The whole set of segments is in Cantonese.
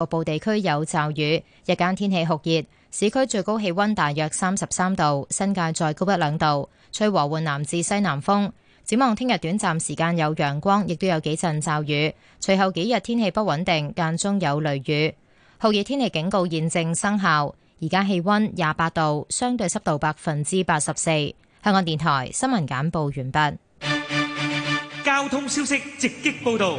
局部地區有驟雨，日間天氣酷熱，市區最高氣溫大約三十三度，新界再高一兩度，吹和緩南至西南風。展望聽日短暫時間有陽光，亦都有幾陣驟雨，隨後幾日天氣不穩定，間中有雷雨。酷熱天氣警告現正生效，而家氣溫廿八度，相對濕度百分之八十四。香港電台新聞簡報完畢。交通消息直擊報道。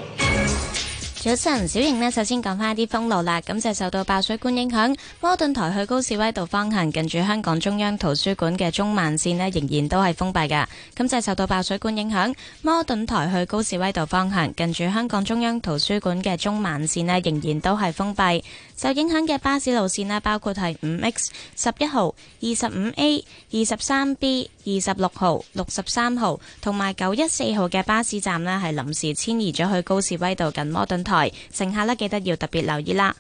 早晨，小瑩呢，首先講返一啲封路啦。咁就受到爆水管影響，摩頓台去高士威道方向近住香港中央圖書館嘅中慢綫呢，仍然都係封閉㗎。咁就受到爆水管影響，摩頓台去高士威道方向近住香港中央圖書館嘅中慢綫呢，仍然都係封閉。受影響嘅巴士路線啦，包括係五 X、十一號、二十五 A、二十三 B、二十六號、六十三號同埋九一四號嘅巴士站咧，係臨時遷移咗去高士威道近摩頓台，乘客咧記得要特別留意啦。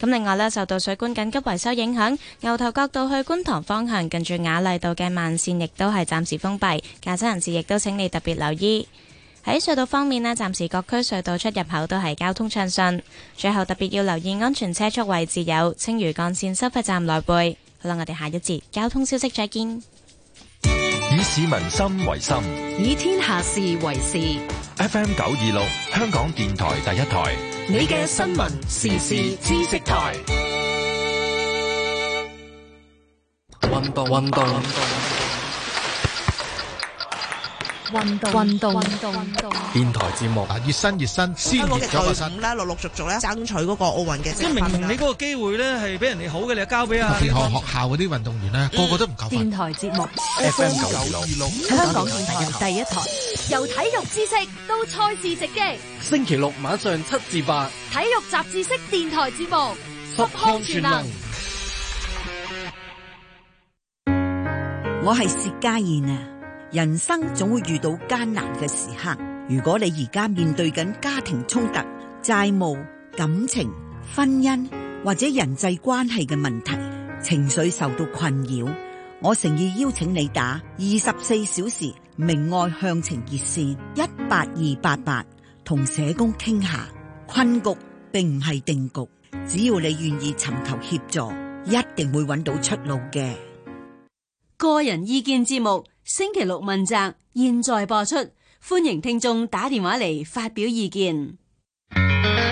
咁另外咧，受到水管緊急維修影響，牛頭角道去觀塘方向近住雅麗道嘅慢線亦都係暫時封閉，駕駛人士亦都請你特別留意。喺隧道方面咧，暫時各區隧道出入口都係交通暢順。最後特別要留意安全車速位置有青嶼幹線收費站內背。好啦，我哋下一節交通消息再見。以市民心為心，以天下事為事。FM 九二六，香港電台第一台，你嘅新聞時事知識台。運動，運動，運動。運動運動運動電台節目啊，熱身熱身，有份啦，陸陸續續咧爭取嗰個奧運嘅。即明年你嗰個機會咧，係俾人哋好嘅，你交俾啊。特別學校嗰啲運動員咧，個個都唔夠。電台節目 FM 九二六，香港電台第一台，由體育知識到賽事直擊，星期六晚上七至八，體育雜誌式電台節目，十項全能。我係薛家燕啊！人生總會遇到艱難嘅時刻。如果你而家面對緊家庭衝突、債務、感情、婚姻或者人際關係嘅問題，情緒受到困擾，我誠意邀請你打二十四小時明愛向晴熱線一八二八八，同社工傾下。困局並唔係定局，只要你願意尋求協助，一定會揾到出路嘅。個人意見節目。星期六問責，現在播出，歡迎聽眾打電話嚟發表意見。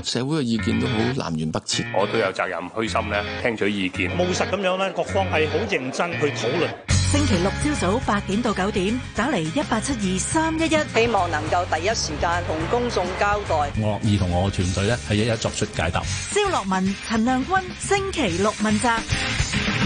社會嘅意見都好南轅北轍，我都有責任虛心呢，聽取意見，務實咁樣呢，各方係好認真去討論。星期六朝早八點到九點，打嚟一八七二三一一，希望能夠第一時間同公眾交代，我樂意同我團隊呢係一,一一作出解答。蕭洛汶、陳亮均，星期六問責。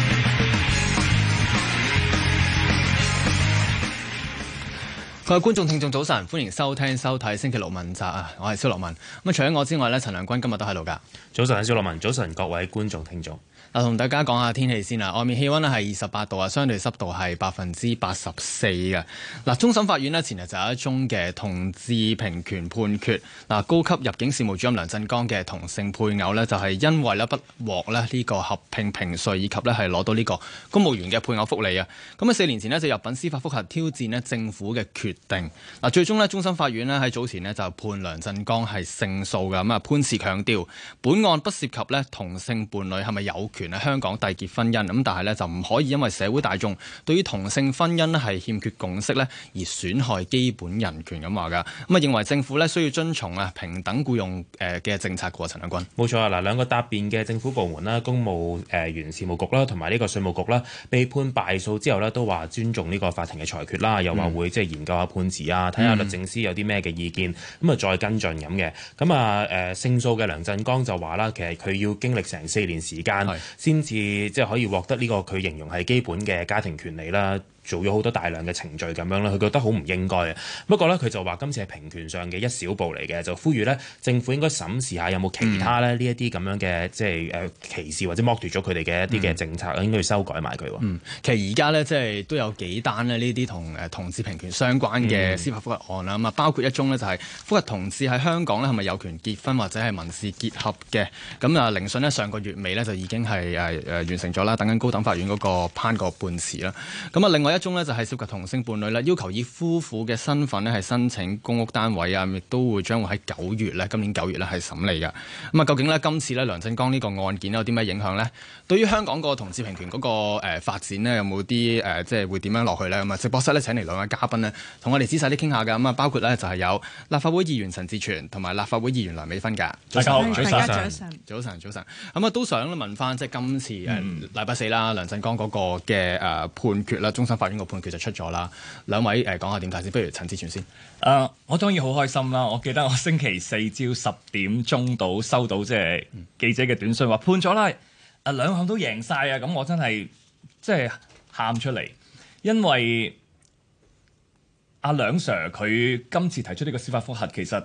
各位觀眾聽眾早晨，歡迎收聽收睇《星期六問責》啊！我係蕭洛汶。咁除咗我之外咧，陳亮均今日都喺度噶。早晨，蕭洛汶。早晨，各位觀眾聽眾。嗱，同大家講下天氣先啦。外面氣温咧係二十八度啊，相對濕度係百分之八十四嘅。嗱，終審法院咧前日就有一宗嘅同志平權判決。嗱，高級入境事務主任梁振剛嘅同性配偶咧，就係因為咧不獲咧呢個合併評稅以及咧係攞到呢個公務員嘅配偶福利啊。咁啊四年前咧就入禀司法覆核挑戰咧政府嘅決定。嗱，最終咧終審法院咧喺早前咧就判梁振剛係勝訴嘅。咁啊潘氏強調，本案不涉及咧同性伴侶係咪有權喺香港締結婚姻咁，但係呢就唔可以因為社會大眾對於同性婚姻咧係欠缺共識咧，而損害基本人權咁話噶。咁啊認為政府咧需要遵從啊平等僱用誒嘅政策過。陳亮均，冇錯啊！嗱，兩個答辯嘅政府部門啦，公務誒員事務局啦，同埋呢個稅務局啦，被判敗訴之後咧，都話尊重呢個法庭嘅裁決啦，又話會即係研究下判詞啊，睇下律政司有啲咩嘅意見，咁啊再跟進咁嘅。咁啊誒勝訴嘅梁鎮罡就話啦，其實佢要經歷成四年時間，先至即係可以獲得呢個，佢形容係基本嘅家庭權利啦。做咗好多大量嘅程序咁樣啦，佢覺得好唔應該啊。不過咧，佢就話今次係平權上嘅一小步嚟嘅，就呼籲咧政府應該審視下有冇其他咧呢一啲咁樣嘅即係誒歧視或者剝奪咗佢哋嘅一啲嘅政策、嗯、應該該要修改埋佢。嗯，其實而家咧即係都有幾單咧呢啲同誒同志平權相關嘅司法覆核案啦，咁啊、嗯、包括一宗咧就係覆核同志喺香港咧係咪有權結婚或者係民事結合嘅。咁啊，聆訊咧上個月尾咧就已經係誒誒完成咗啦，等緊高等法院嗰個判個判詞啦。咁啊，另外一宗呢就係、是、涉及同性伴侶咧，要求以夫婦嘅身份咧係申請公屋單位啊，亦都會將會喺九月咧，今年九月咧係審理嘅。咁、嗯、啊，究竟呢，今次呢，梁鎮罡呢個案件有啲咩影響呢？對於香港個同志平權嗰、那個誒、呃、發展呢，有冇啲誒即係會點樣落去呢？咁啊，直播室呢，請嚟兩位嘉賓呢，同我哋仔細啲傾下㗎。咁啊，包括呢，就係、是、有立法會議員陳志全同埋立法會議員梁美芬㗎。早晨，早晨，早晨，早晨，咁啊，都想問翻即係今次誒禮拜四啦，梁鎮罡嗰個嘅誒判決啦，終審法。個判決就出咗啦，兩位誒、呃、講下點睇先，不如陳志全先。誒、呃，我當然好開心啦！我記得我星期四朝十點鐘到收到即係記者嘅短信，話判咗啦，誒、啊、兩項都贏晒啊！咁我真係即係喊出嚟，因為阿梁、啊、Sir 佢今次提出呢個司法覆核，其實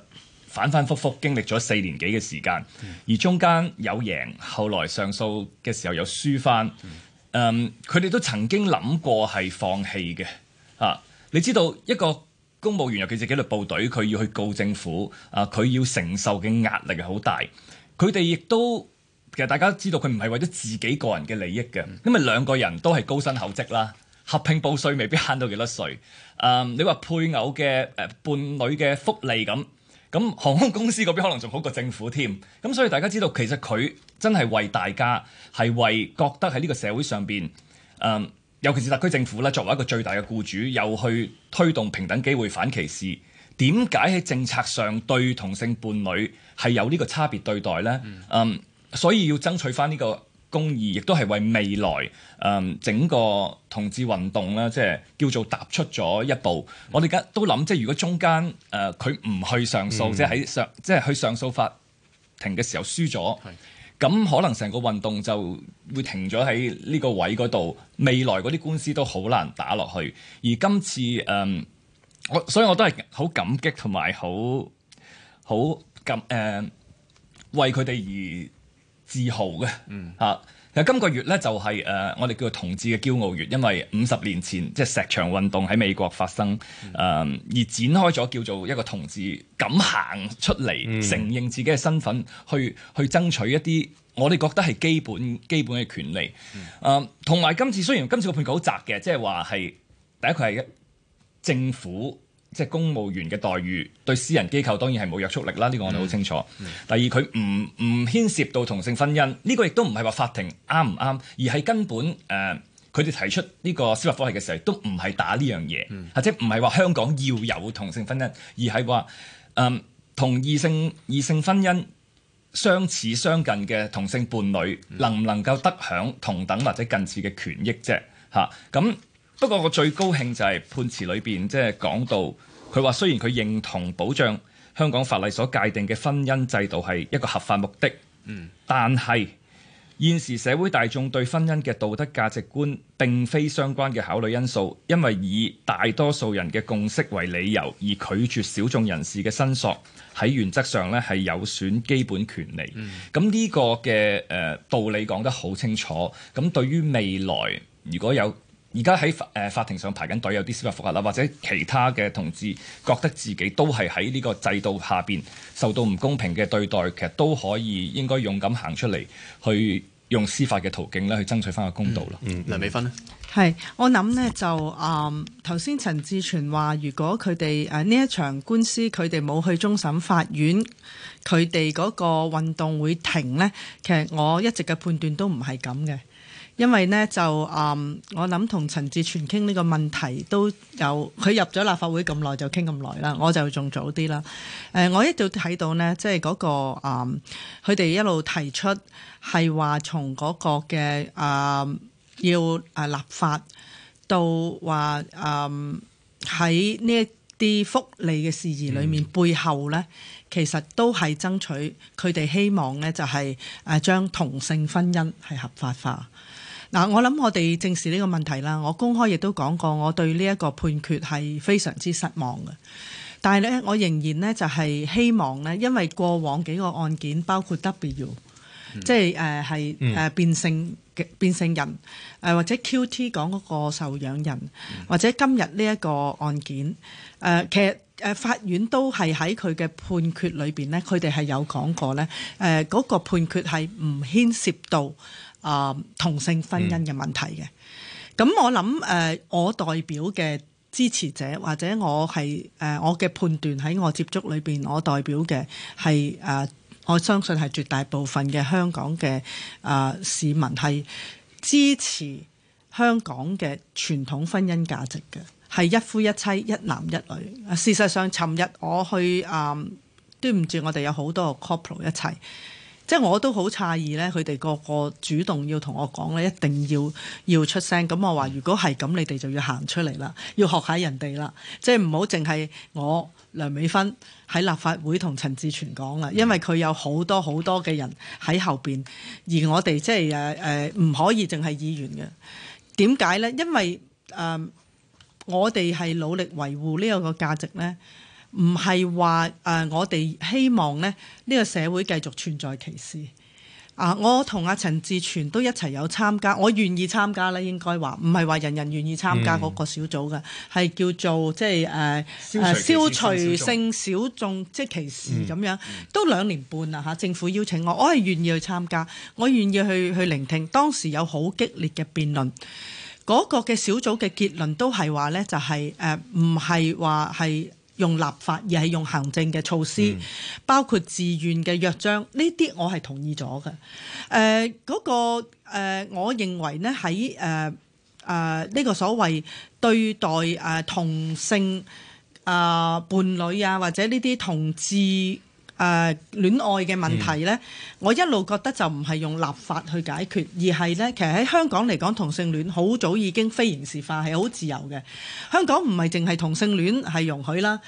反反覆覆經歷咗四年幾嘅時間，嗯、而中間有贏，後來上訴嘅時候又輸翻。嗯誒，佢哋、um, 都曾經諗過係放棄嘅嚇。你知道一個公務員尤其是紀律部隊，佢要去告政府啊，佢要承受嘅壓力係好大。佢哋亦都其實大家都知道，佢唔係為咗自己個人嘅利益嘅，因為兩個人都係高薪厚職啦，合併報稅未必慳到幾多稅。誒、啊，你話配偶嘅誒、呃、伴侶嘅福利咁。咁航空公司嗰邊可能仲好過政府添，咁所以大家知道其實佢真係為大家係為覺得喺呢個社會上邊，誒、呃、尤其是特區政府咧作為一個最大嘅僱主，又去推動平等機會反歧視，點解喺政策上對同性伴侶係有呢個差別對待呢？誒、嗯呃，所以要爭取翻呢、這個，公義亦都係為未來誒、嗯、整個同志運動咧，即係叫做踏出咗一步。嗯、我哋而家都諗，即係如果中間誒佢唔去上訴，即係喺上即係、即係、去上訴法庭嘅時候輸咗，咁、嗯、可能成個運動就會停咗喺呢個位嗰度。未來嗰啲官司都好難打落去。而今次誒、嗯，我所以我都係好感激同埋好好咁誒為佢哋而。自豪嘅嚇，嗯、其實今個月咧就係誒我哋叫做同志嘅驕傲月，因為五十年前即係、就是、石牆運動喺美國發生誒、嗯、而展開咗叫做一個同志敢行出嚟，嗯、承認自己嘅身份，去去爭取一啲我哋覺得係基本基本嘅權利。誒、嗯，同埋今次雖然今次個判決好窄嘅，即係話係第一佢係一政府。即係公務員嘅待遇，對私人機構當然係冇約束力啦。呢、這個我哋好清楚。嗯嗯、第二，佢唔唔牽涉到同性婚姻，呢、這個亦都唔係話法庭啱唔啱，而係根本誒佢哋提出呢個司法覆核嘅時候，都唔係打呢樣嘢，或者唔係話香港要有同性婚姻，而係話誒同異性異性婚姻相似相近嘅同性伴侶能唔能夠得享同等或者近似嘅權益啫？嚇、啊、咁。嗯嗯不過，我最高興就係判詞裏邊，即係講到佢話，雖然佢認同保障香港法例所界定嘅婚姻制度係一個合法目的，嗯，但係現時社會大眾對婚姻嘅道德價值觀並非相關嘅考慮因素，因為以大多數人嘅共識為理由而拒絕小眾人士嘅申索，喺原則上咧係有損基本權利。嗯，咁呢個嘅誒、呃、道理講得好清楚。咁對於未來如果有而家喺誒法庭上排緊隊，有啲司法覆核啦，或者其他嘅同志覺得自己都係喺呢個制度下邊受到唔公平嘅對待，其實都可以應該勇敢行出嚟，去用司法嘅途徑咧去爭取翻個公道啦、嗯。嗯，梁美芬咧，係我諗呢就誒頭先陳志全話，如果佢哋誒呢一場官司佢哋冇去終審法院，佢哋嗰個運動會停呢，其實我一直嘅判斷都唔係咁嘅。因為呢，就嗯、呃，我諗同陳志全傾呢個問題都有佢入咗立法會咁耐就傾咁耐啦。我就仲早啲啦。誒、呃，我一直睇到呢，即係嗰、那個佢哋、呃、一路提出係話從嗰個嘅啊、呃、要啊立法到話嗯喺呢一啲福利嘅事宜裏面、嗯、背後呢，其實都係爭取佢哋希望呢，就係誒將同性婚姻係合法化。嗱，我諗我哋正視呢個問題啦。我公開亦都講過，我對呢一個判決係非常之失望嘅。但係咧，我仍然咧就係希望咧，因為過往幾個案件，包括 W、嗯、即係誒係誒變性嘅變性人，誒、呃、或者 QT 講嗰個受養人，或者今日呢一個案件，誒、呃、其實誒、呃、法院都係喺佢嘅判決裏邊咧，佢哋係有講過咧，誒、呃、嗰、嗰個判決係唔牽涉到。啊，uh, 同性婚姻嘅問題嘅，咁、mm. 我諗誒、呃，我代表嘅支持者，或者我係誒、呃，我嘅判斷喺我接觸裏邊，我代表嘅係誒，我相信係絕大部分嘅香港嘅啊、呃、市民係支持香港嘅傳統婚姻價值嘅，係一夫一妻、一男一女。事實上，尋日我去啊、呃，對唔住，我哋有好多個 couple 一齊。即係我都好詫異咧，佢哋個個主動要同我講咧，一定要要出聲。咁我話：如果係咁，你哋就要行出嚟啦，要學下人哋啦。即係唔好淨係我梁美芬喺立法會同陳志全講啦，因為佢有好多好多嘅人喺後邊，而我哋即係誒誒唔可以淨係議員嘅。點解咧？因為誒、呃、我哋係努力維護呢一個價值咧。唔係話誒，我哋希望咧，呢個社會繼續存在歧視啊！我同阿陳志全都一齊有參加，我願意參加咧，應該話唔係話人人願意參加嗰個小組嘅，係、嗯、叫做即係誒消除性小眾即歧視咁樣，都兩年半啦嚇、啊，政府邀請我，我係願意去參加，我願意去去聆聽。當時有好激烈嘅辯論，嗰個嘅小組嘅結論都係話咧，就係誒唔係話係。呃用立法而係用行政嘅措施，嗯、包括自願嘅約章，呢啲我係同意咗嘅。誒、呃、嗰、嗰個、呃、我認為呢，喺誒誒呢個所謂對待誒、呃、同性誒、呃、伴侶啊，或者呢啲同志。誒、呃、戀愛嘅問題呢，嗯、我一路覺得就唔係用立法去解決，而係呢，其實喺香港嚟講，同性戀好早已經非刑事化，係好自由嘅。香港唔係淨係同性戀係容許啦。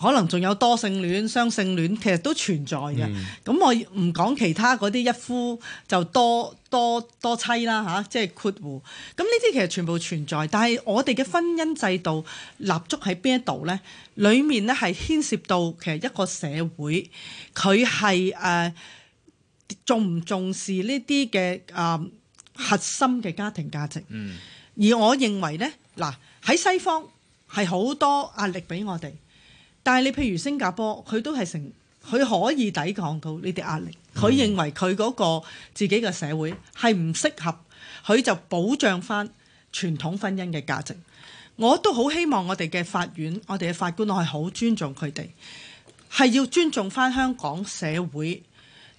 可能仲有多性戀、雙性戀，其實都存在嘅。咁、嗯、我唔講其他嗰啲一夫就多多多妻啦吓、啊，即係括弧。咁呢啲其實全部存在，但係我哋嘅婚姻制度立足喺邊一度咧？裏面咧，係牽涉到其實一個社會，佢係誒重唔重視呢啲嘅誒核心嘅家庭價值。嗯。而我認為咧，嗱喺西方係好多壓力俾我哋。但係你譬如新加坡，佢都係成，佢可以抵抗到呢啲壓力。佢認為佢嗰個自己嘅社會係唔適合，佢就保障翻傳統婚姻嘅價值。我都好希望我哋嘅法院、我哋嘅法官，我係好尊重佢哋，係要尊重翻香港社會。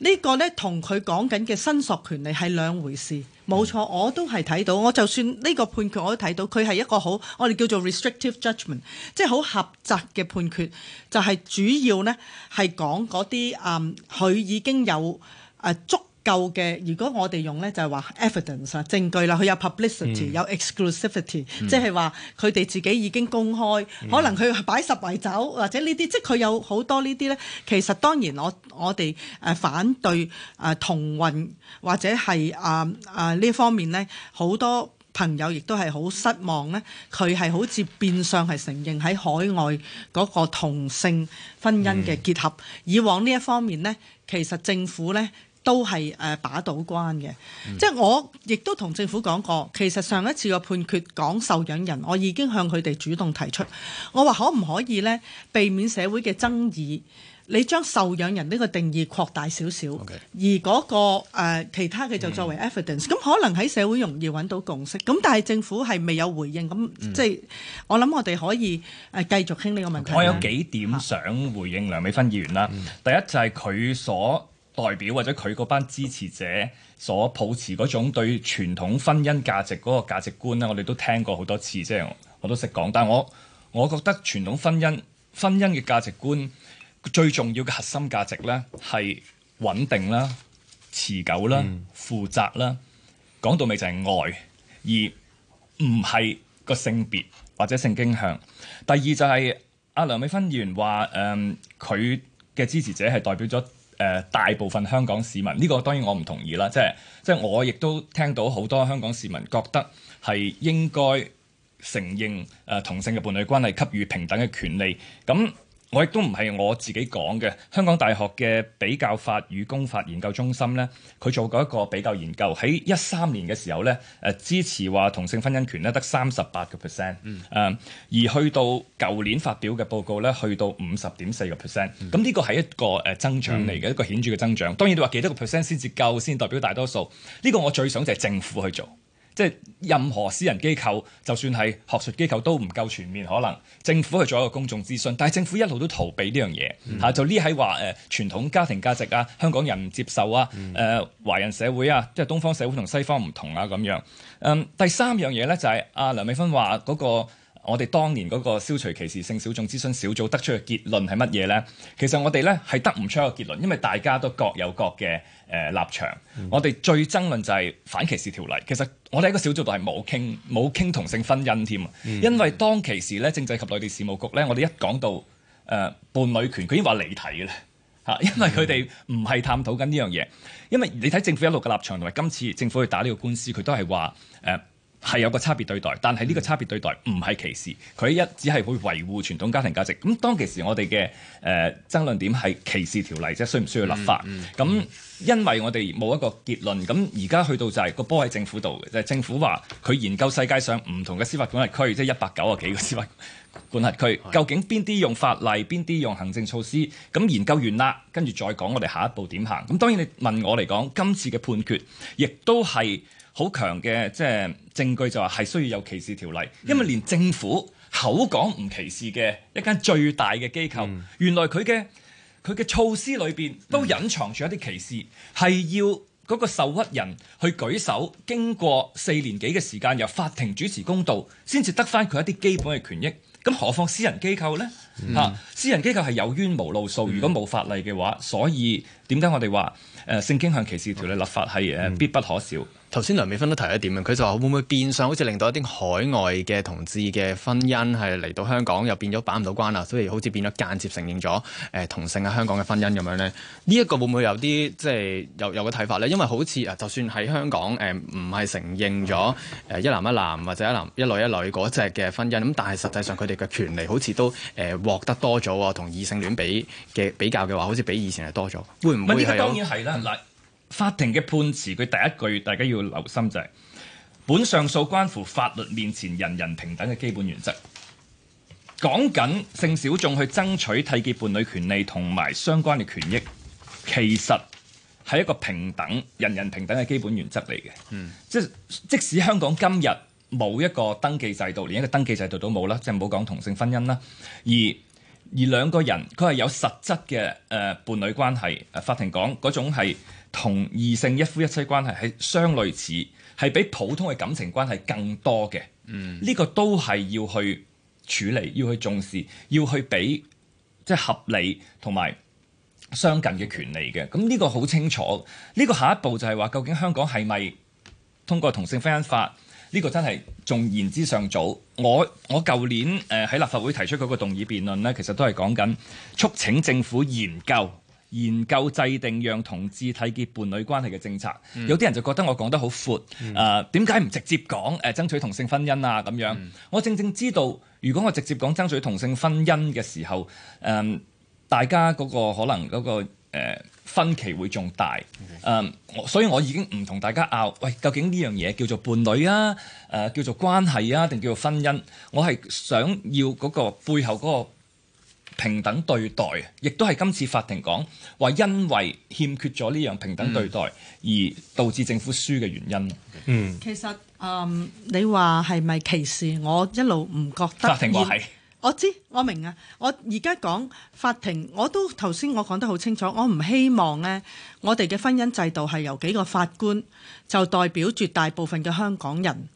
呢個咧同佢講緊嘅申索權利係兩回事，冇錯，我都係睇到，我就算呢個判決我都睇到，佢係一個好，我哋叫做 restrictive j u d g m e n t，即係好狹窄嘅判決，就係、是、主要呢係講嗰啲嗯，佢已經有誒足。啊舊嘅，如果我哋用咧，就係、是、話 evidence 啦，證據啦，佢有 publicity Yeah. 有 exclusivity，即係話 Yeah .佢哋自己已經公開，可能佢擺十圍酒，或者呢啲，即係佢有好多呢啲咧。其實當然我我哋誒反對誒、呃、同運或者係啊啊呢方面咧，好多朋友亦都係好失望咧。佢係好似變相係承認喺海外嗰個同性婚姻嘅結合。Yeah. 以往呢一方面咧，其實政府咧。都係誒、呃、把到關嘅，嗯、即係我亦都同政府講過，其實上一次個判決講受養人，我已經向佢哋主動提出，我話可唔可以呢，避免社會嘅爭議，你將受養人呢個定義擴大少少，Okay. 而嗰、那個、呃、其他嘅就作為 evidence，咁、嗯、可能喺社會容易揾到共識，咁但係政府係未有回應，咁即係、嗯、我諗我哋可以誒繼續傾呢個問題。Okay. 我有幾點想回應梁美芬議員啦，嗯嗯、第一就係佢所代表或者佢嗰班支持者所抱持嗰種對傳統婚姻價值嗰個價值觀咧，我哋都聽過好多次，即係我都識講，但係我我覺得傳統婚姻婚姻嘅價值觀最重要嘅核心價值咧係穩定啦、持久啦、負責啦。講到尾就係愛，而唔係個性別或者性傾向。第二就係、是、阿梁美芬議員話誒佢嘅支持者係代表咗。誒、呃、大部分香港市民呢、呢個當然我唔同意啦，即係即係我亦都聽到好多香港市民覺得係應該承認誒同性嘅伴侶關係，給予平等嘅權利，咁。我亦都唔係我自己講嘅，香港大學嘅比較法與公法研究中心咧，佢做過一個比較研究，喺一三年嘅時候咧，誒支持話同性婚姻權咧得三十八個 percent，誒而去到舊年發表嘅報告咧，去到五十點四個 percent，咁呢個係一個誒增長嚟嘅一個顯著嘅增長。嗯、當然你話幾多個 percent 先至夠先代表大多數，呢、呢個我最想就係政府去做。即係任何私人機構，就算係學術機構都唔夠全面，可能政府去做一個公眾諮詢，但係政府一路都逃避呢樣嘢嚇，就呢喺話誒、呃、傳統家庭價值啊，香港人唔接受啊，誒、呃、華人社會啊，即係東方社會同西方唔同啊咁樣。嗯，第三樣嘢咧就係、是、阿、啊、梁美芬話嗰、那個。我哋當年嗰個消除歧視性小眾諮詢小組得出嘅結論係乜嘢咧？其實我哋咧係得唔出一個結論，因為大家都各有各嘅誒立場。嗯、我哋最爭論就係反歧視條例。其實我哋喺一個小組度係冇傾冇傾同性婚姻添啊，因為當其時咧，政制及內地事務局咧，我哋一講到誒伴侶權，佢已經話離題啦嚇，因為佢哋唔係探討緊呢樣嘢。嗯、因為你睇政府一路嘅立場同埋今次政府去打呢個官司，佢都係話誒。呃係有個差別對待，但係呢個差別對待唔係歧視，佢一隻係會維護傳統家庭價值。咁當其時，我哋嘅誒爭論點係歧視條例啫，需唔需要立法？咁因為我哋冇一個結論，咁而家去到就係、是那個波喺政府度嘅，就係、是、政府話佢研究世界上唔同嘅司法管轄區，即係一百九十幾個司法管轄區，嗯、究竟邊啲用法例，邊啲用行政措施？咁研究完啦，跟住再講我哋下一步點行。咁當然你問我嚟講，今次嘅判決亦都係。好強嘅，即係證據就話係需要有歧視條例，因為連政府口講唔歧視嘅一間最大嘅機構，嗯、原來佢嘅佢嘅措施裏邊都隱藏住一啲歧視，係、嗯、要嗰個受屈人去舉手，經過四年幾嘅時間由法庭主持公道，先至得返佢一啲基本嘅權益。咁何況私人機構呢？嚇、嗯啊？私人機構係有冤無路訴，嗯、如果冇法例嘅話，所以點解我哋話誒《性傾向歧視條例》立法係誒必不可少。頭先梁美芬都提一點嘅，佢就話會唔會變相好似令到一啲海外嘅同志嘅婚姻係嚟到香港又變咗把唔到關啦，所以好似變咗間接承認咗誒同性喺香港嘅婚姻咁樣咧？呢一個會唔會有啲即係有有個睇法咧？因為好似啊，就算喺香港誒唔係承認咗誒一男一男或者一男一女一女嗰隻嘅婚姻，咁但係實際上佢哋嘅權利好似都誒獲得多咗喎，同異性戀比嘅比較嘅話，好似比以前係多咗。會唔會係？呢當然係啦。嗯法庭嘅判詞，佢第一句，大家要留心就係本上訴關乎法律面前人人平等嘅基本原則。講緊性小眾去爭取締結伴侶權利同埋相關嘅權益，其實係一個平等、人人平等嘅基本原則嚟嘅。嗯，即即使香港今日冇一個登記制度，連一個登記制度都冇啦，即係唔好講同性婚姻啦。而而兩個人佢係有實質嘅誒伴侶關係，誒法庭講嗰種係。同異性一夫一妻關係係相類似，係比普通嘅感情關係更多嘅。呢、嗯、個都係要去處理、要去重視、要去俾即係合理同埋相近嘅權利嘅。咁、呢、呢個好清楚。呢、呢個下一步就係話，究竟香港係咪通過同性婚姻法？呢、呢個真係仲言之尚早。我我舊年誒喺、呃、立法會提出嗰個動議辯論咧，其實都係講緊促請政府研究。研究制定讓同志體結伴侶關係嘅政策，嗯、有啲人就覺得我講得好闊，啊點解唔直接講誒、呃、爭取同性婚姻啊咁樣？嗯、我正正知道，如果我直接講爭取同性婚姻嘅時候，誒、呃、大家嗰個可能嗰個、呃、分歧會仲大，誒、嗯呃、所以我已經唔同大家拗，喂究竟呢樣嘢叫做伴侶啊，誒、呃、叫做關係啊，定叫做婚姻？我係想要嗰個背後嗰個。平等對待，亦都係今次法庭講話，因為欠缺咗呢樣平等對待，嗯，而導致政府輸嘅原因。嗯，其實誒，um, 你話係咪歧視？我一路唔覺得。法庭話係，我知我明啊，我而家講法庭，我都頭先我講得好清楚，我唔希望呢，我哋嘅婚姻制度係由幾個法官就代表絕大部分嘅香港人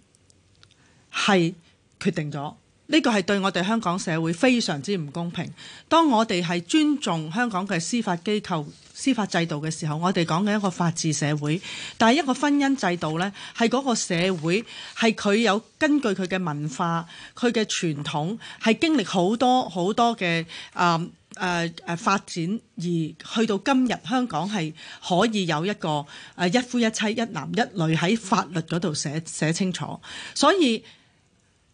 係決定咗。呢個係對我哋香港社會非常之唔公平。當我哋係尊重香港嘅司法機構、司法制度嘅時候，我哋講緊一個法治社會。但係一個婚姻制度呢，係嗰個社會係佢有根據佢嘅文化、佢嘅傳統，係經歷好多好多嘅誒誒誒發展，而去到今日香港係可以有一個誒、呃、一夫一妻、一男一女喺法律嗰度寫寫清楚，所以。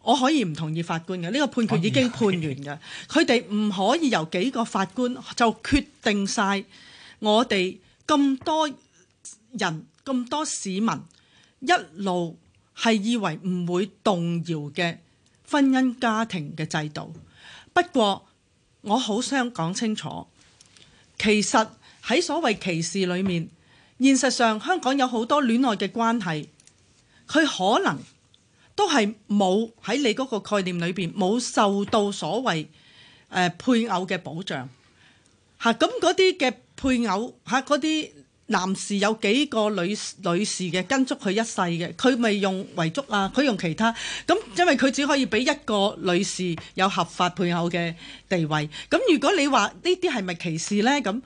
我可以唔同意法官嘅，呢個判決已經判完嘅，佢哋唔可以由幾個法官就決定晒我哋咁多人咁 多市民一路係以為唔會動搖嘅婚姻家庭嘅制度。不過我好想講清楚，其實，喺所謂歧視裏面，現實上香港有好多戀愛嘅關係，佢可能。都係冇喺你嗰個概念裏邊，冇受到所謂誒、呃、配偶嘅保障嚇，咁嗰啲嘅配偶嚇，嗰啲男士有幾個女女士嘅跟足佢一世嘅，佢咪用遺囑啊？佢用其他，咁因為佢只可以俾一個女士有合法配偶嘅地位，咁如果你話呢啲係咪歧視呢？咁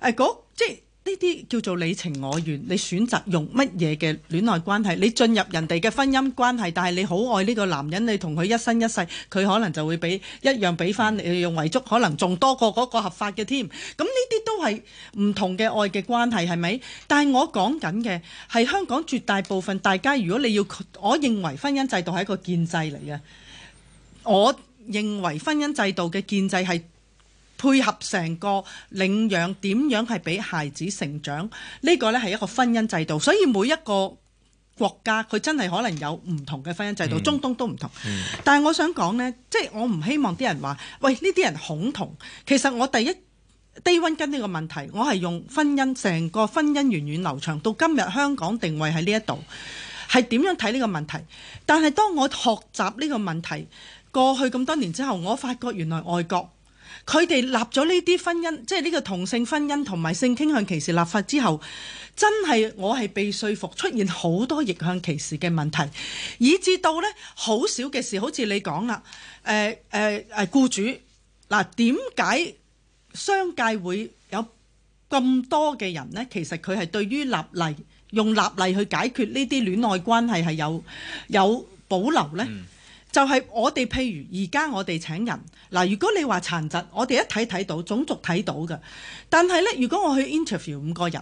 誒嗰即呢啲叫做你情我願，你選擇用乜嘢嘅戀愛關係？你進入人哋嘅婚姻關係，但係你好愛呢個男人，你同佢一生一世，佢可能就會俾一樣俾翻你用遺囑，可能仲多過嗰個合法嘅添。咁呢啲都係唔同嘅愛嘅關係，係咪？但係我講緊嘅係香港絕大部分大家，如果你要，我認為婚姻制度係一個建制嚟嘅。我認為婚姻制度嘅建制係。配合成個領養點樣係俾孩子成長呢，這個呢係一個婚姻制度，所以每一個國家佢真係可能有唔同嘅婚姻制度，嗯、中東都唔同。嗯、但係我想講呢，即係我唔希望啲人話：「喂呢啲人恐同。其實我第一日跟呢個問題，我係用婚姻成個婚姻源遠流長到今日香港定位喺呢一度，係點樣睇呢個問題？但係當我學習呢個問題過去咁多年之後，我發覺原來外國。佢哋立咗呢啲婚姻，即係呢個同性婚姻同埋性傾向歧視立法之後，真係我係被說服，出現好多逆向歧視嘅問題，以至到咧好少嘅事，好似你講啦，誒誒誒，僱主，嗱點解商界會有咁多嘅人咧？其實佢係對於立例用立例去解決呢啲戀愛關係係有有保留咧。嗯就係我哋譬如而家我哋請人嗱，如果你話殘疾，我哋一睇睇到種族睇到嘅。但係呢，如果我去 interview 五個人，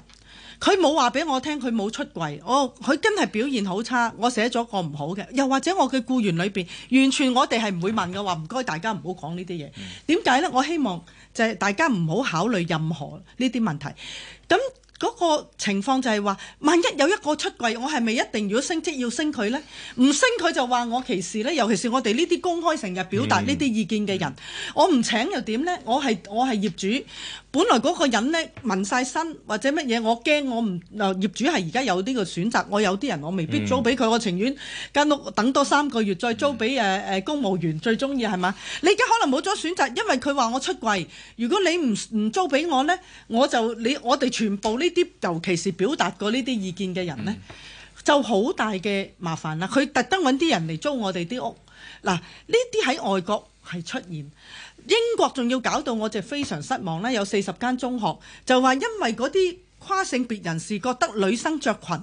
佢冇話俾我聽，佢冇出櫃，哦，佢真係表現好差，我寫咗個唔好嘅。又或者我嘅雇員裏邊，完全我哋係唔會問嘅話，唔該大家唔好講呢啲嘢。點解呢？我希望就係大家唔好考慮任何呢啲問題。咁。嗰個情況就係話，萬一有一個出櫃，我係咪一定要升職要升佢呢？唔升佢就話我歧視呢，尤其是我哋呢啲公開成日表達呢啲意見嘅人，嗯、我唔請又點呢？我係我係業主。本來嗰個人呢，紋晒身或者乜嘢，我驚我唔嗱，業主係而家有呢個選擇，我有啲人我未必租俾佢，嗯、我情願間屋等多三個月再租俾誒誒公務員、嗯、最中意係嘛？你而家可能冇咗選擇，因為佢話我出櫃。如果你唔唔租俾我呢，我就你我哋全部呢啲，尤其是表達過呢啲意見嘅人呢，嗯、就好大嘅麻煩啦。佢特登揾啲人嚟租我哋啲屋嗱，呢啲喺外國係出現。英國仲要搞到我就非常失望啦。有四十間中學就話因為嗰啲跨性別人士覺得女生着裙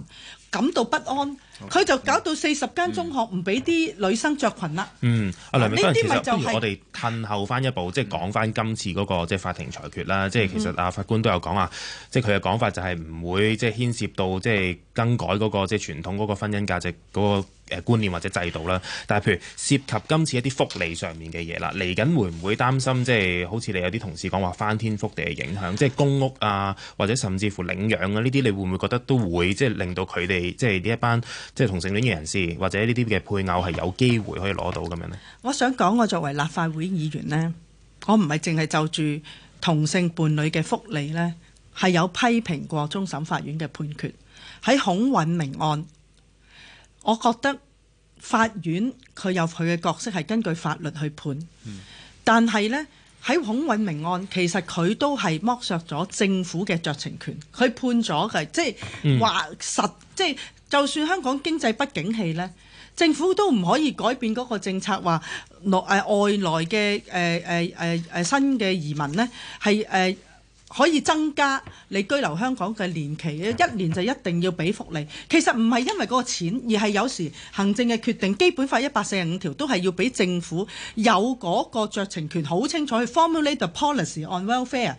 感到不安，佢 Okay, okay. 就搞到四十間中學唔俾啲女生着裙啦。嗯，呢啲咪就係，其實我哋褪後翻一步，即係講翻今次嗰個即係法庭裁決啦。即係、嗯、其實啊，法官都有講話，即係佢嘅講法就係唔會即係牽涉到即係更改嗰個即係傳統嗰個婚姻價值嗰、嗰個誒觀念或者制度啦，但係譬如涉及今次一啲福利上面嘅嘢啦，嚟緊會唔會擔心即係、就是、好似你有啲同事講話翻天覆地嘅影響，即係公屋啊，或者甚至乎領養啊呢啲，你會唔會覺得都會即係令到佢哋即係呢一班即係同性戀嘅人士或者呢啲嘅配偶係有機會可以攞到咁樣呢？我想講，我作為立法會議員呢，我唔係淨係就住同性伴侶嘅福利呢，係有批評過終審法院嘅判決喺孔允明案。我覺得法院佢有佢嘅角色，係根據法律去判，嗯、但係呢，喺孔運明孔允明案，其實佢都係剝削咗政府嘅酌情權，佢判咗嘅，即係話實，即係就算香港經濟不景氣呢，政府都唔可以改變嗰個政策，話外誒來嘅誒誒誒新嘅移民呢，係、呃、誒。可以增加你居留香港嘅年期，一年就一定要俾福利。其實唔係因為嗰個錢，而係有時行政嘅決定，基本法一百四十五條都係要俾政府有嗰個酌情權，好清楚去 formulate the policy on welfare。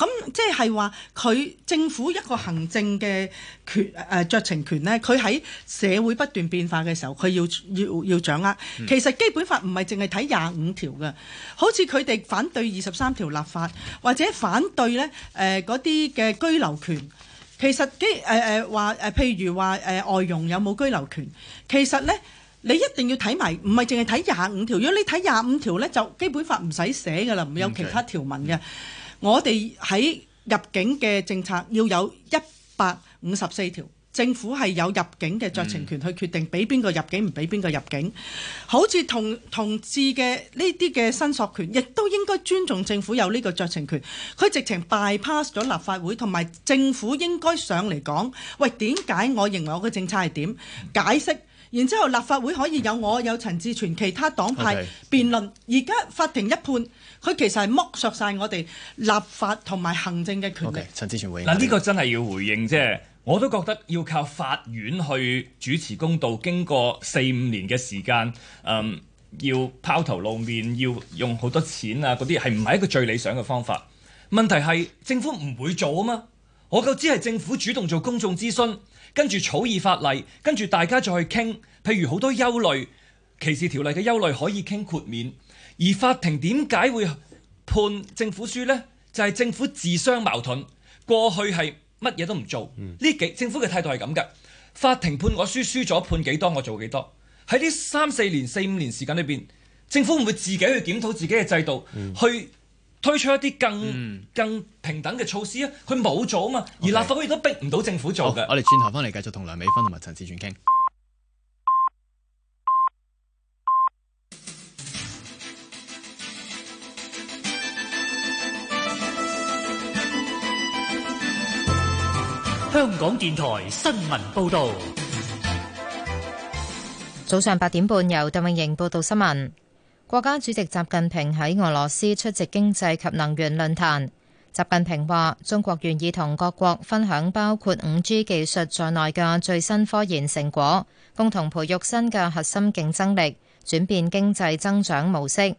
咁即係話，佢政府一個行政嘅權，誒酌情權咧，佢喺社會不斷變化嘅時候，佢要要要掌握。其實基本法唔係淨係睇廿五條嘅，好似佢哋反對二十三條立法或者反對咧誒嗰啲嘅居留權，其實基誒誒話誒譬如話誒外傭有冇居留權，其實咧你一定要睇埋，唔係淨係睇廿五條。如果你睇廿五條咧，就基本法唔使寫㗎啦，唔有其他條文嘅。我哋喺入境嘅政策要有一百五十四條，政府係有入境嘅酌情權去決定俾邊個入境，唔俾邊個入境。好似同同志嘅呢啲嘅申索權，亦都應該尊重政府有呢個酌情權。佢直情 bypass 咗立法會，同埋政府應該上嚟講，喂，點解我認為我嘅政策係點解釋？然之後，立法會可以有我、有陳志全，其他黨派辯論。而家 Okay. 法庭一判，佢其實係剝削晒我哋立法同埋行政嘅權力。陳、okay. 志全回應嗱，呢 個真係要回應啫。我都覺得要靠法院去主持公道。經過四五年嘅時間，嗯，要拋頭露面，要用好多錢啊，嗰啲係唔係一個最理想嘅方法？問題係政府唔會做啊嘛，我夠知係政府主動做公眾諮詢。跟住草擬法例，跟住大家再去傾。譬如好多憂慮，歧視條例嘅憂慮可以傾豁免。而法庭點解會判政府輸呢？就係政府自相矛盾。過去係乜嘢都唔做，呢幾政府嘅態度係咁嘅。法庭判我輸，輸咗判幾多，我做幾多。喺呢三四年、四五年時間裏邊，政府唔會自己去檢討自己嘅制度去？嗯推出一啲更更平等嘅措施啊，佢冇做啊嘛，而立法會亦都逼唔到政府做嘅。我哋轉頭翻嚟繼續同梁美芬同埋陳志全傾。香港電台新聞報導，早上八點半，由鄧永盈報道新聞。國家主席習近平喺俄羅斯出席經濟及能源論壇。習近平話：中國願意同各國分享包括五 G 技術在內嘅最新科研成果，共同培育新嘅核心競爭力，轉變經濟增長模式。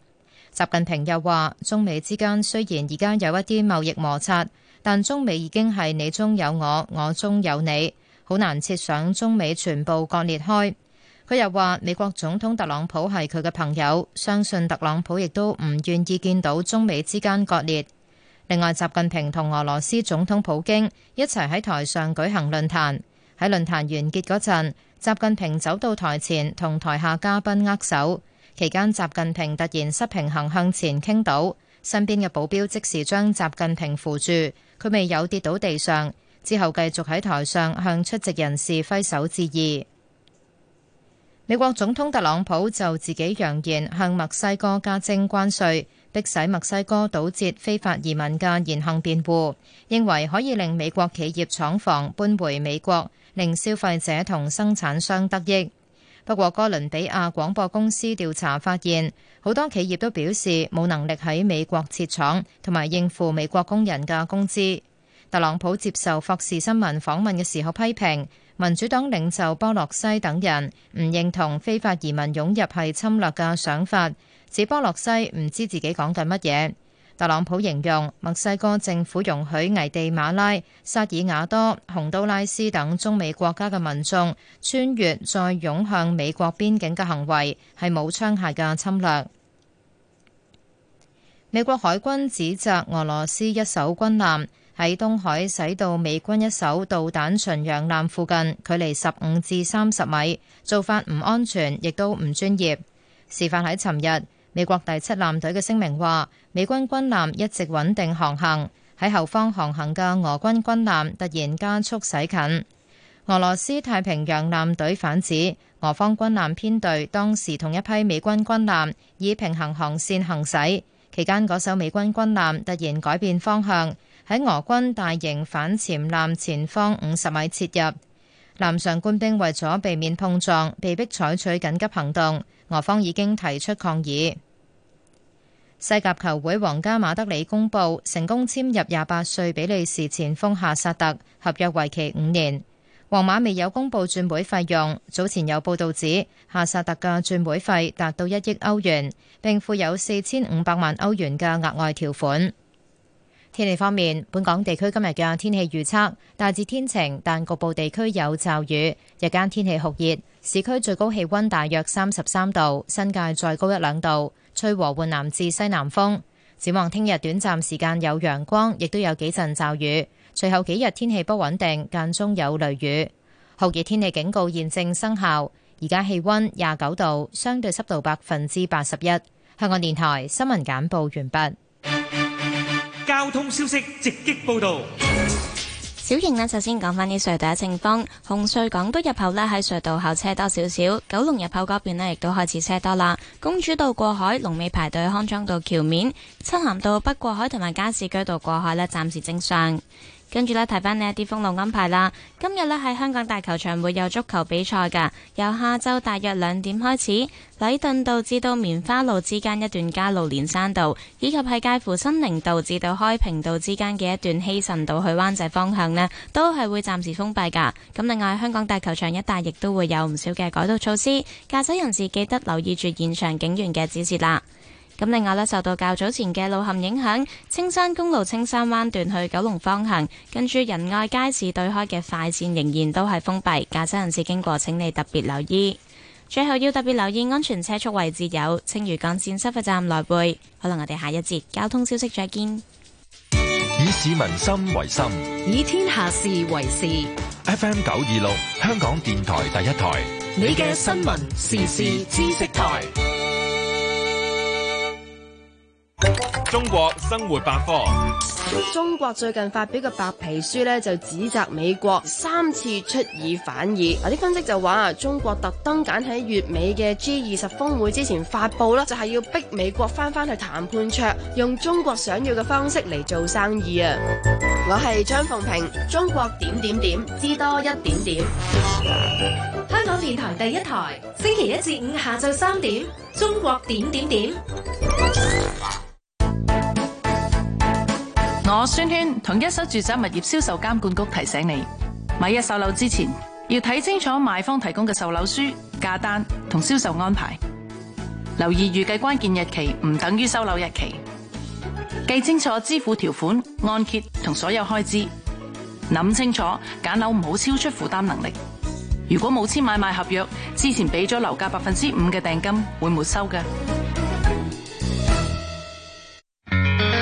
習近平又話：中美之間雖然而家有一啲貿易摩擦，但中美已經係你中有我，我中有你，好難設想中美全部割裂開。佢又話：美國總統特朗普係佢嘅朋友，相信特朗普亦都唔願意見到中美之間割裂。另外，習近平同俄羅斯總統普京一齊喺台上舉行論壇。喺論壇完結嗰陣，習近平走到台前同台下嘉賓握手。期間，習近平突然失平衡向前傾倒，身邊嘅保鏢即時將習近平扶住，佢未有跌倒地上。之後繼續喺台上向出席人士揮手致意。美國總統特朗普就自己揚言向墨西哥加徵關稅，迫使墨西哥堵截非法移民嘅言行辯護，認為可以令美國企業廠房搬回美國，令消費者同生產商得益。不過，哥倫比亞廣播公司調查發現，好多企業都表示冇能力喺美國設廠，同埋應付美國工人嘅工資。特朗普接受霍士新聞訪問嘅時候批評。民主黨領袖波洛西等人唔認同非法移民湧入係侵略嘅想法，指波洛西唔知自己講緊乜嘢。特朗普形容墨西哥政府容許危地馬拉、薩爾瓦多、洪都拉斯等中美國家嘅民眾穿越再湧向美國邊境嘅行為係冇槍械嘅侵略。美國海軍指責俄羅斯一艘軍艦。喺東海駛到美軍一艘導彈巡洋艦附近，距離十五至三十米，做法唔安全，亦都唔專業。事發喺尋日，美國第七艦隊嘅聲明話，美軍軍艦一直穩定航行，喺後方航行嘅俄軍軍艦突然加速駛近。俄羅斯太平洋艦隊反指俄方軍艦編隊當時同一批美軍軍艦以平行航線行駛期間，嗰艘美軍軍艦突然改變方向。喺俄軍大型反潛艦前方五十米切入，艦上官兵為咗避免碰撞，被迫採取緊急行動。俄方已經提出抗議。西甲球會皇家馬德里公布成功簽入廿八歲比利時前鋒夏薩特，合約為期五年。皇馬未有公布轉會費用，早前有報道指夏薩特嘅轉會費達到一億歐元，並附有四千五百萬歐元嘅額外條款。天氣方面，本港地區今日嘅天氣預測大致天晴，但局部地區有驟雨。日間天氣酷熱，市區最高氣温大約三十三度，新界再高一兩度，吹和緩南至西南風。展望聽日短暫時間有陽光，亦都有幾陣驟雨。隨後幾日天氣不穩定，間中有雷雨。酷熱天氣警告現正生效。而家氣温廿九度，相對濕度百分之八十一。香港電台新聞簡報完畢。交通消息直擊報道，小瑩呢，首先講返啲隧道嘅情況。紅隧港島入口呢，喺隧道後車多少少，九龍入口嗰邊呢，亦都開始車多啦。公主道過海、龍尾排隊，康莊道橋面、漆咸道北過海同埋加士居道過海呢，暫時正常。跟住咧，提翻呢一啲封路安排啦。今日咧喺香港大球場會有足球比賽嘅，由下晝大約兩點開始，禮頓道至到棉花路之間一段加路連山道，以及係介乎新寧道至到開平道之間嘅一段希慎道去灣仔方向呢，都係會暫時封閉噶。咁另外香港大球場一帶亦都會有唔少嘅改道措施，駕駛人士記得留意住現場警員嘅指示啦。咁另外咧，受到較早前嘅路陷影響，青山公路青山灣段去九龍方向，跟住仁愛街市對開嘅快線仍然都係封閉，駕車人士經過請你特別留意。最後要特別留意安全車速位置，有青嶼幹線收費站內背。可能我哋下一節交通消息再見。以市民心為心，以天下事為事。FM 九二六，香港電台第一台，你嘅新聞時事知識台。中國生活百科。中國最近發表嘅白皮書咧，就指責美國三次出爾反爾。嗱，啲分析就話中國特登揀喺月尾嘅 G 二十峰會之前發佈啦，就係要逼美國翻翻去談判桌，用中國想要嘅方式嚟做生意啊！我係張鳳平，中國點點點知多一點點。香港電台第一台，星期一至五下晝三點，中國點點點。 我宣宣同一手住宅物業銷售監管局提醒你，買一手樓之前要睇清楚賣方提供嘅售樓書、價單同銷售安排，留意預計關鍵日期唔等於收樓日期，記清楚支付條款、按揭同所有開支，諗清楚揀樓唔好超出負擔能力。如果冇簽買賣合約之前俾咗樓價百分之五嘅訂金，會沒收嘅。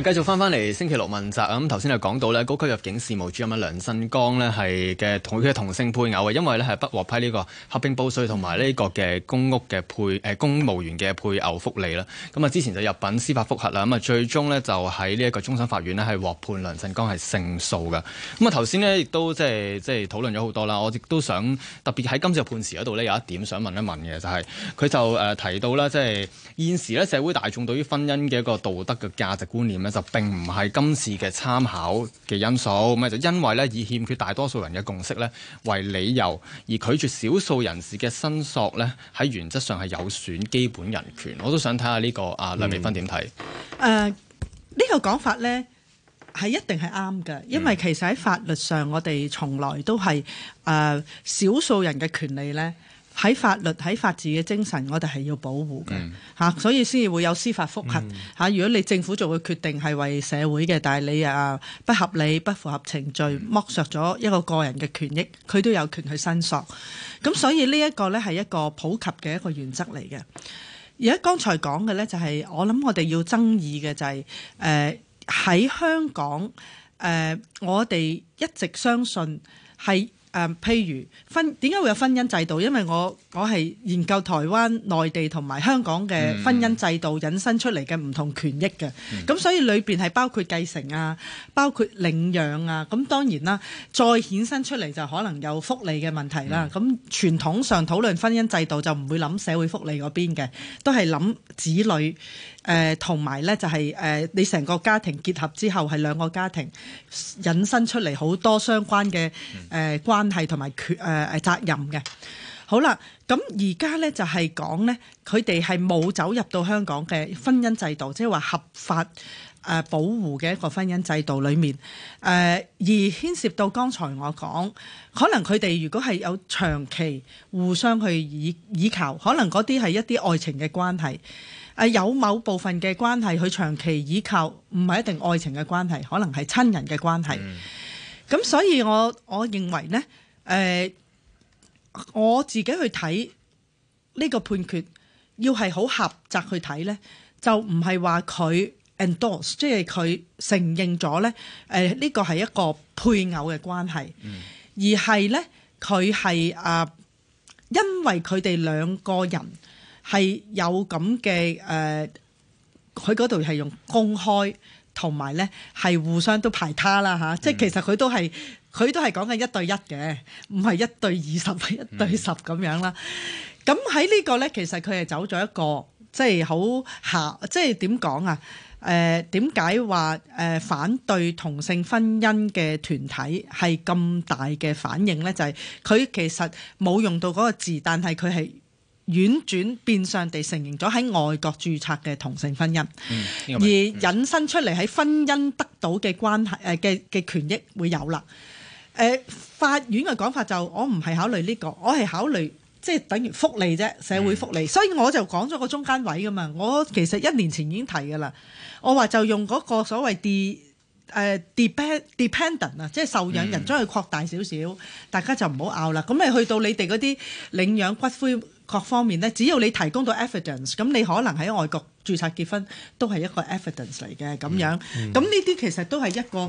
繼續翻翻嚟星期六問責。咁頭先就講到呢，高級入境事務主任梁鎮罡呢，係嘅同佢嘅同性配偶啊，因為呢，係不獲批呢個合併報稅同埋呢個嘅公屋嘅配誒公務員嘅配偶福利啦。咁啊，之前就入禀司法覆核啦，咁啊，最終呢，就喺呢一個終審法院呢，係獲判梁鎮罡係勝訴嘅。咁啊，就是，頭先呢，亦都即係即係討論咗好多啦，我亦都想特別喺今次判詞嗰度呢，有一點想問一問嘅，就係，是、佢就誒提到啦，即、就、係、是、現時呢社會大眾對於婚姻嘅一個道德嘅價值觀念就並唔係今次嘅參考嘅因素，咪就因為咧以欠缺大多數人嘅共識咧為理由而拒絕少數人士嘅申索咧，喺原則上係有損基本人權。我都想睇下呢個啊梁美芬點睇？誒呢個講法咧係一定係啱㗎，因為其實喺法律上我哋從來都係誒少數人嘅權利咧。喺法律喺法治嘅精神，我哋係要保護嘅吓，所以先至會有司法覆核吓、啊。如果你政府做嘅決定係為社會嘅，但係你啊不合理、不符合程序，剝削咗一個個人嘅權益，佢都有權去申索。咁所以呢一個咧係一個普及嘅一個原則嚟嘅。而家剛才講嘅咧就係、是、我諗我哋要爭議嘅就係誒喺香港誒、呃，我哋一直相信係。誒，譬、嗯、如婚點解會有婚姻制度？因為我我係研究台灣、內地同埋香港嘅婚姻制度引申出嚟嘅唔同權益嘅，咁、嗯、所以裏邊係包括繼承啊，包括領養啊，咁當然啦，再衍生出嚟就可能有福利嘅問題啦。咁、嗯、傳統上討論婚姻制度就唔會諗社會福利嗰邊嘅，都係諗子女。誒同埋咧就係、是、誒、呃、你成個家庭結合之後係兩個家庭引申出嚟好多相關嘅誒、呃、關係同埋決誒誒、呃、責任嘅。好啦，咁而家咧就係講咧，佢哋係冇走入到香港嘅婚姻制度，即係話合法誒、呃、保護嘅一個婚姻制度裏面誒、呃，而牽涉到剛才我講，可能佢哋如果係有長期互相去以倚靠，可能嗰啲係一啲愛情嘅關係。誒有某部分嘅關係，佢長期倚靠，唔係一定愛情嘅關係，可能係親人嘅關係。咁、mm. 所以我，我我認為咧，誒、呃、我自己去睇呢個判決，要係好狹窄去睇咧，就唔係話佢 endorse，即係佢承認咗咧，誒呢個係一個配偶嘅關係，mm. 而係咧佢係啊，因為佢哋兩個人。係有咁嘅誒，佢嗰度係用公開，同埋咧係互相都排他啦吓，嗯、即係其實佢都係佢都係講緊一對一嘅，唔係一對二十，一對十咁樣啦。咁喺、嗯、呢個咧，其實佢係走咗一個即係好下，即係點講啊？誒點解話誒反對同性婚姻嘅團體係咁大嘅反應咧？就係、是、佢其實冇用到嗰個字，但係佢係。婉轉變相地承認咗喺外國註冊嘅同性婚姻，而引申出嚟喺婚姻得到嘅關係，誒嘅嘅權益會有啦。誒法院嘅講法就我唔係考慮呢個，我係考慮即係等於福利啫，社會福利，所以我就講咗個中間位㗎嘛。我其實一年前已經提㗎啦，我話就用嗰個所謂 depend 誒 dependent 啊，即係受養人將佢擴大少少，大家就唔好拗啦。咁你去到你哋嗰啲領養骨灰。各方面咧，只要你提供到 evidence，咁你可能喺外國註冊結婚都係一個 evidence 嚟嘅咁樣。咁呢啲其實都係一個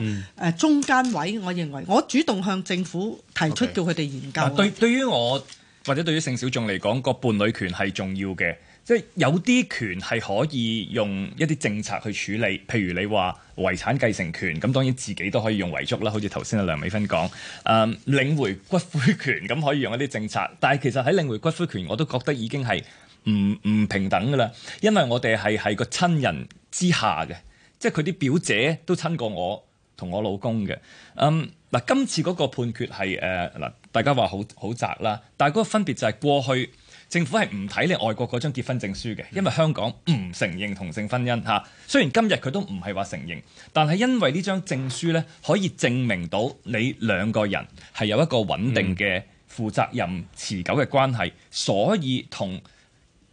誒中間位，嗯、我認為我主動向政府提出 Okay. 叫佢哋研究。對對於我或者對於性小眾嚟講個伴侶權係重要嘅。即係有啲權係可以用一啲政策去處理，譬如你話遺產繼承權，咁當然自己都可以用遺囑啦。好似頭先阿梁美芬講，誒、呃、領回骨灰權，咁可以用一啲政策。但係其實喺領回骨灰權，我都覺得已經係唔唔平等噶啦，因為我哋係係個親人之下嘅，即係佢啲表姐都親過我同我老公嘅。嗯，嗱，今次嗰個判決係誒嗱，大家話好好窄啦，但係嗰個分別就係過去。政府係唔睇你外國嗰張結婚證書嘅，因為香港唔承認同性婚姻吓。雖然今日佢都唔係話承認，但係因為呢張證書呢可以證明到你兩個人係有一個穩定嘅、負責任、持久嘅關係，嗯、所以同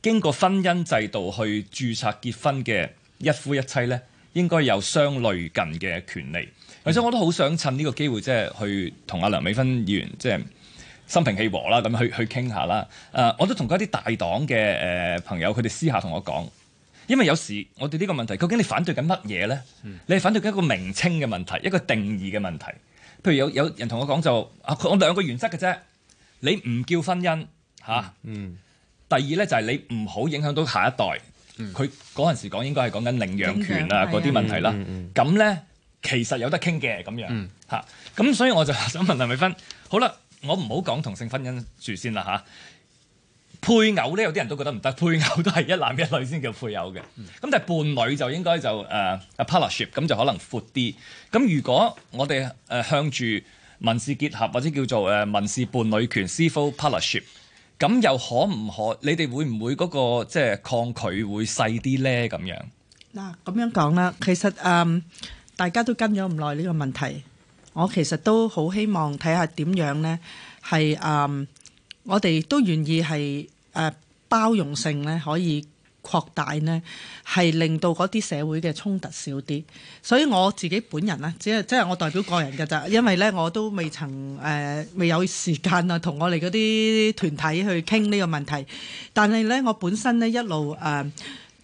經過婚姻制度去註冊結婚嘅一夫一妻呢，應該有相類近嘅權利。或者、嗯、我都好想趁呢個機會，即係去同阿梁美芬議員即係。心平氣和啦，咁去去傾下啦。誒，我都同嗰一啲大黨嘅誒朋友，佢哋私下同我講，因為有時我哋呢個問題究竟你反對緊乜嘢咧？你係反對緊一個名稱嘅問題，一個定義嘅問題。譬如有有人同我講就啊，我兩個原則嘅啫，你唔叫婚姻嚇。啊、嗯。第二咧就係、是、你唔好影響到下一代。佢嗰陣時講應該係講緊領養權啊嗰啲問題啦。嗯嗯。咁咧、啊啊、其實有得傾嘅咁樣嚇。咁、嗯嗯啊、所以我就想問梁美芬，好啦。我唔好講同性婚姻住先啦嚇，配偶咧有啲人都覺得唔得，配偶都係一男一女先叫配偶嘅。咁、嗯、但係伴侶就應該就誒、uh, partnership，咁就可能闊啲。咁如果我哋誒、uh, 向住民事結合或者叫做誒、uh, 民事伴侶權 civil partnership，咁又可唔可？你哋會唔會嗰、那個即係、就是、抗拒會細啲咧？咁樣嗱，咁樣講啦，其實誒、um, 大家都跟咗唔耐呢個問題。我其實都好希望睇下點樣呢？係誒、嗯，我哋都願意係誒、呃、包容性咧，可以擴大呢，係令到嗰啲社會嘅衝突少啲。所以我自己本人呢，只係即係我代表個人㗎咋，因為呢我都未曾誒、呃、未有時間啊，同我哋嗰啲團體去傾呢個問題。但係呢，我本身呢一路誒、呃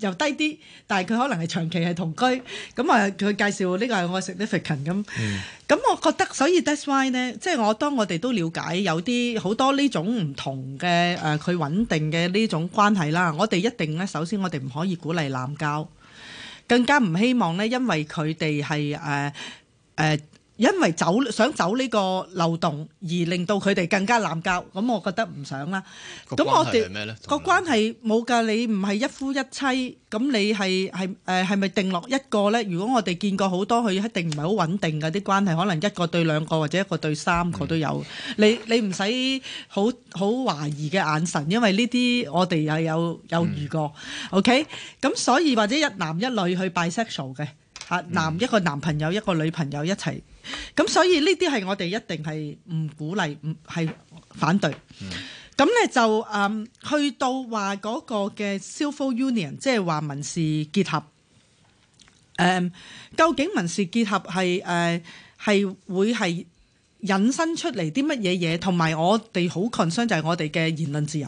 又低啲，但係佢可能係長期係同居，咁啊佢介紹呢個係愛食啲附近咁，咁我覺得所以 that's why 咧，即係我當我哋都瞭解有啲好多呢種唔同嘅誒佢穩定嘅呢種關係啦，我哋一定咧首先我哋唔可以鼓勵濫交，更加唔希望咧因為佢哋係誒誒。因為走想走呢個漏洞而令到佢哋更加濫交，咁我覺得唔想啦。咁我哋個關係係咩咧？個關係冇㗎，你唔係一夫一妻，咁你係係誒係咪定落一個咧？如果我哋見過好多，佢一定唔係好穩定嘅啲關係，可能一個對兩個或者一個對三個都有。你你唔使好好懷疑嘅眼神，因為呢啲我哋又有有遇過。OK，咁所以或者一男一女去 bisexual 嘅嚇，男一個男朋友一個女朋友一齊。咁所以呢啲係我哋一定係唔鼓勵，唔係反對。咁咧、嗯、就誒、嗯，去到話嗰個嘅 civil union，即係話民事結合。誒、嗯，究竟民事結合係誒係會係引申出嚟啲乜嘢嘢？同埋我哋好 concern 就係我哋嘅言論自由。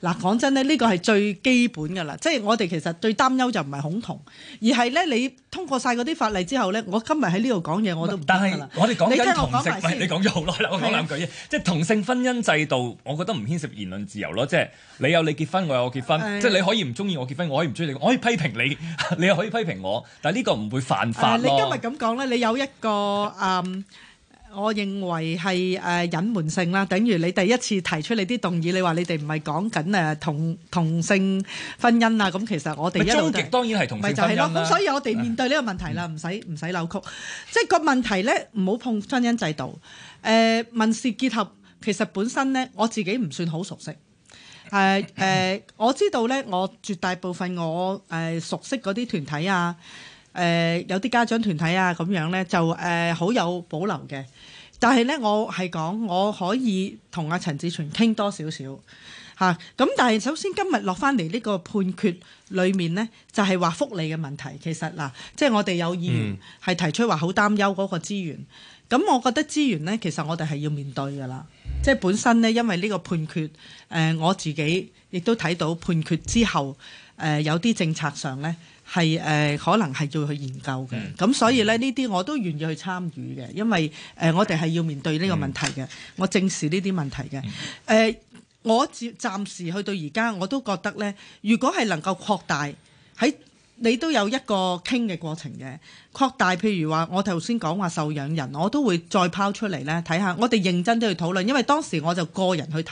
嗱，講真咧，呢個係最基本㗎啦。即係我哋其實最擔憂就唔係恐同，而係咧你通過晒嗰啲法例之後咧，我今日喺呢度講嘢我都唔得啦。但係我哋講緊同性，先你講咗好耐啦，是我講兩句啫。即係同性婚姻制度，我覺得唔牽涉言論自由咯。即係你有你結婚，我有我結婚，是即係你可以唔中意我結婚，我可以唔中意你，我可以批評你，你又可以批評我。但係呢個唔會犯法。是你今日咁講咧，你有一個嗯。 我認為係誒隱瞞性啦，等於你第一次提出你啲動議，你話你哋唔係講緊誒同同性婚姻啊，咁其實我哋一直就係、終極當然係同性婚姻啦。咁所以我哋面對呢個問題啦，唔使唔使扭曲，即係個問題咧，唔好碰婚姻制度。誒、呃，民事結合其實本身咧，我自己唔算好熟悉。誒、呃、誒、呃，我知道咧，我絕大部分我誒、呃、熟悉嗰啲團體啊。誒、呃、有啲家長團體啊，咁樣咧就誒好、呃、有保留嘅。但係咧，我係講我可以同阿陳志全傾多少少嚇。咁、啊、但係首先今日落翻嚟呢個判決裡面咧，就係、是、話福利嘅問題。其實嗱，即、啊、係、就是、我哋有議員係提出話好擔憂嗰個資源。咁、嗯、我覺得資源咧，其實我哋係要面對噶啦。即、就、係、是、本身咧，因為呢個判決，誒、呃、我自己亦都睇到判決之後，誒、呃、有啲政策上咧。係誒，可能係要去研究嘅，咁所以咧呢啲我都願意去參與嘅，因為誒我哋係要面對呢個問題嘅，我正視呢啲問題嘅。誒，我暫暫時去到而家，我都覺得咧，如果係能夠擴大喺你都有一個傾嘅過程嘅擴大，譬如話我頭先講話受養人，我都會再拋出嚟咧睇下，我哋認真啲去討論，因為當時我就個人去提，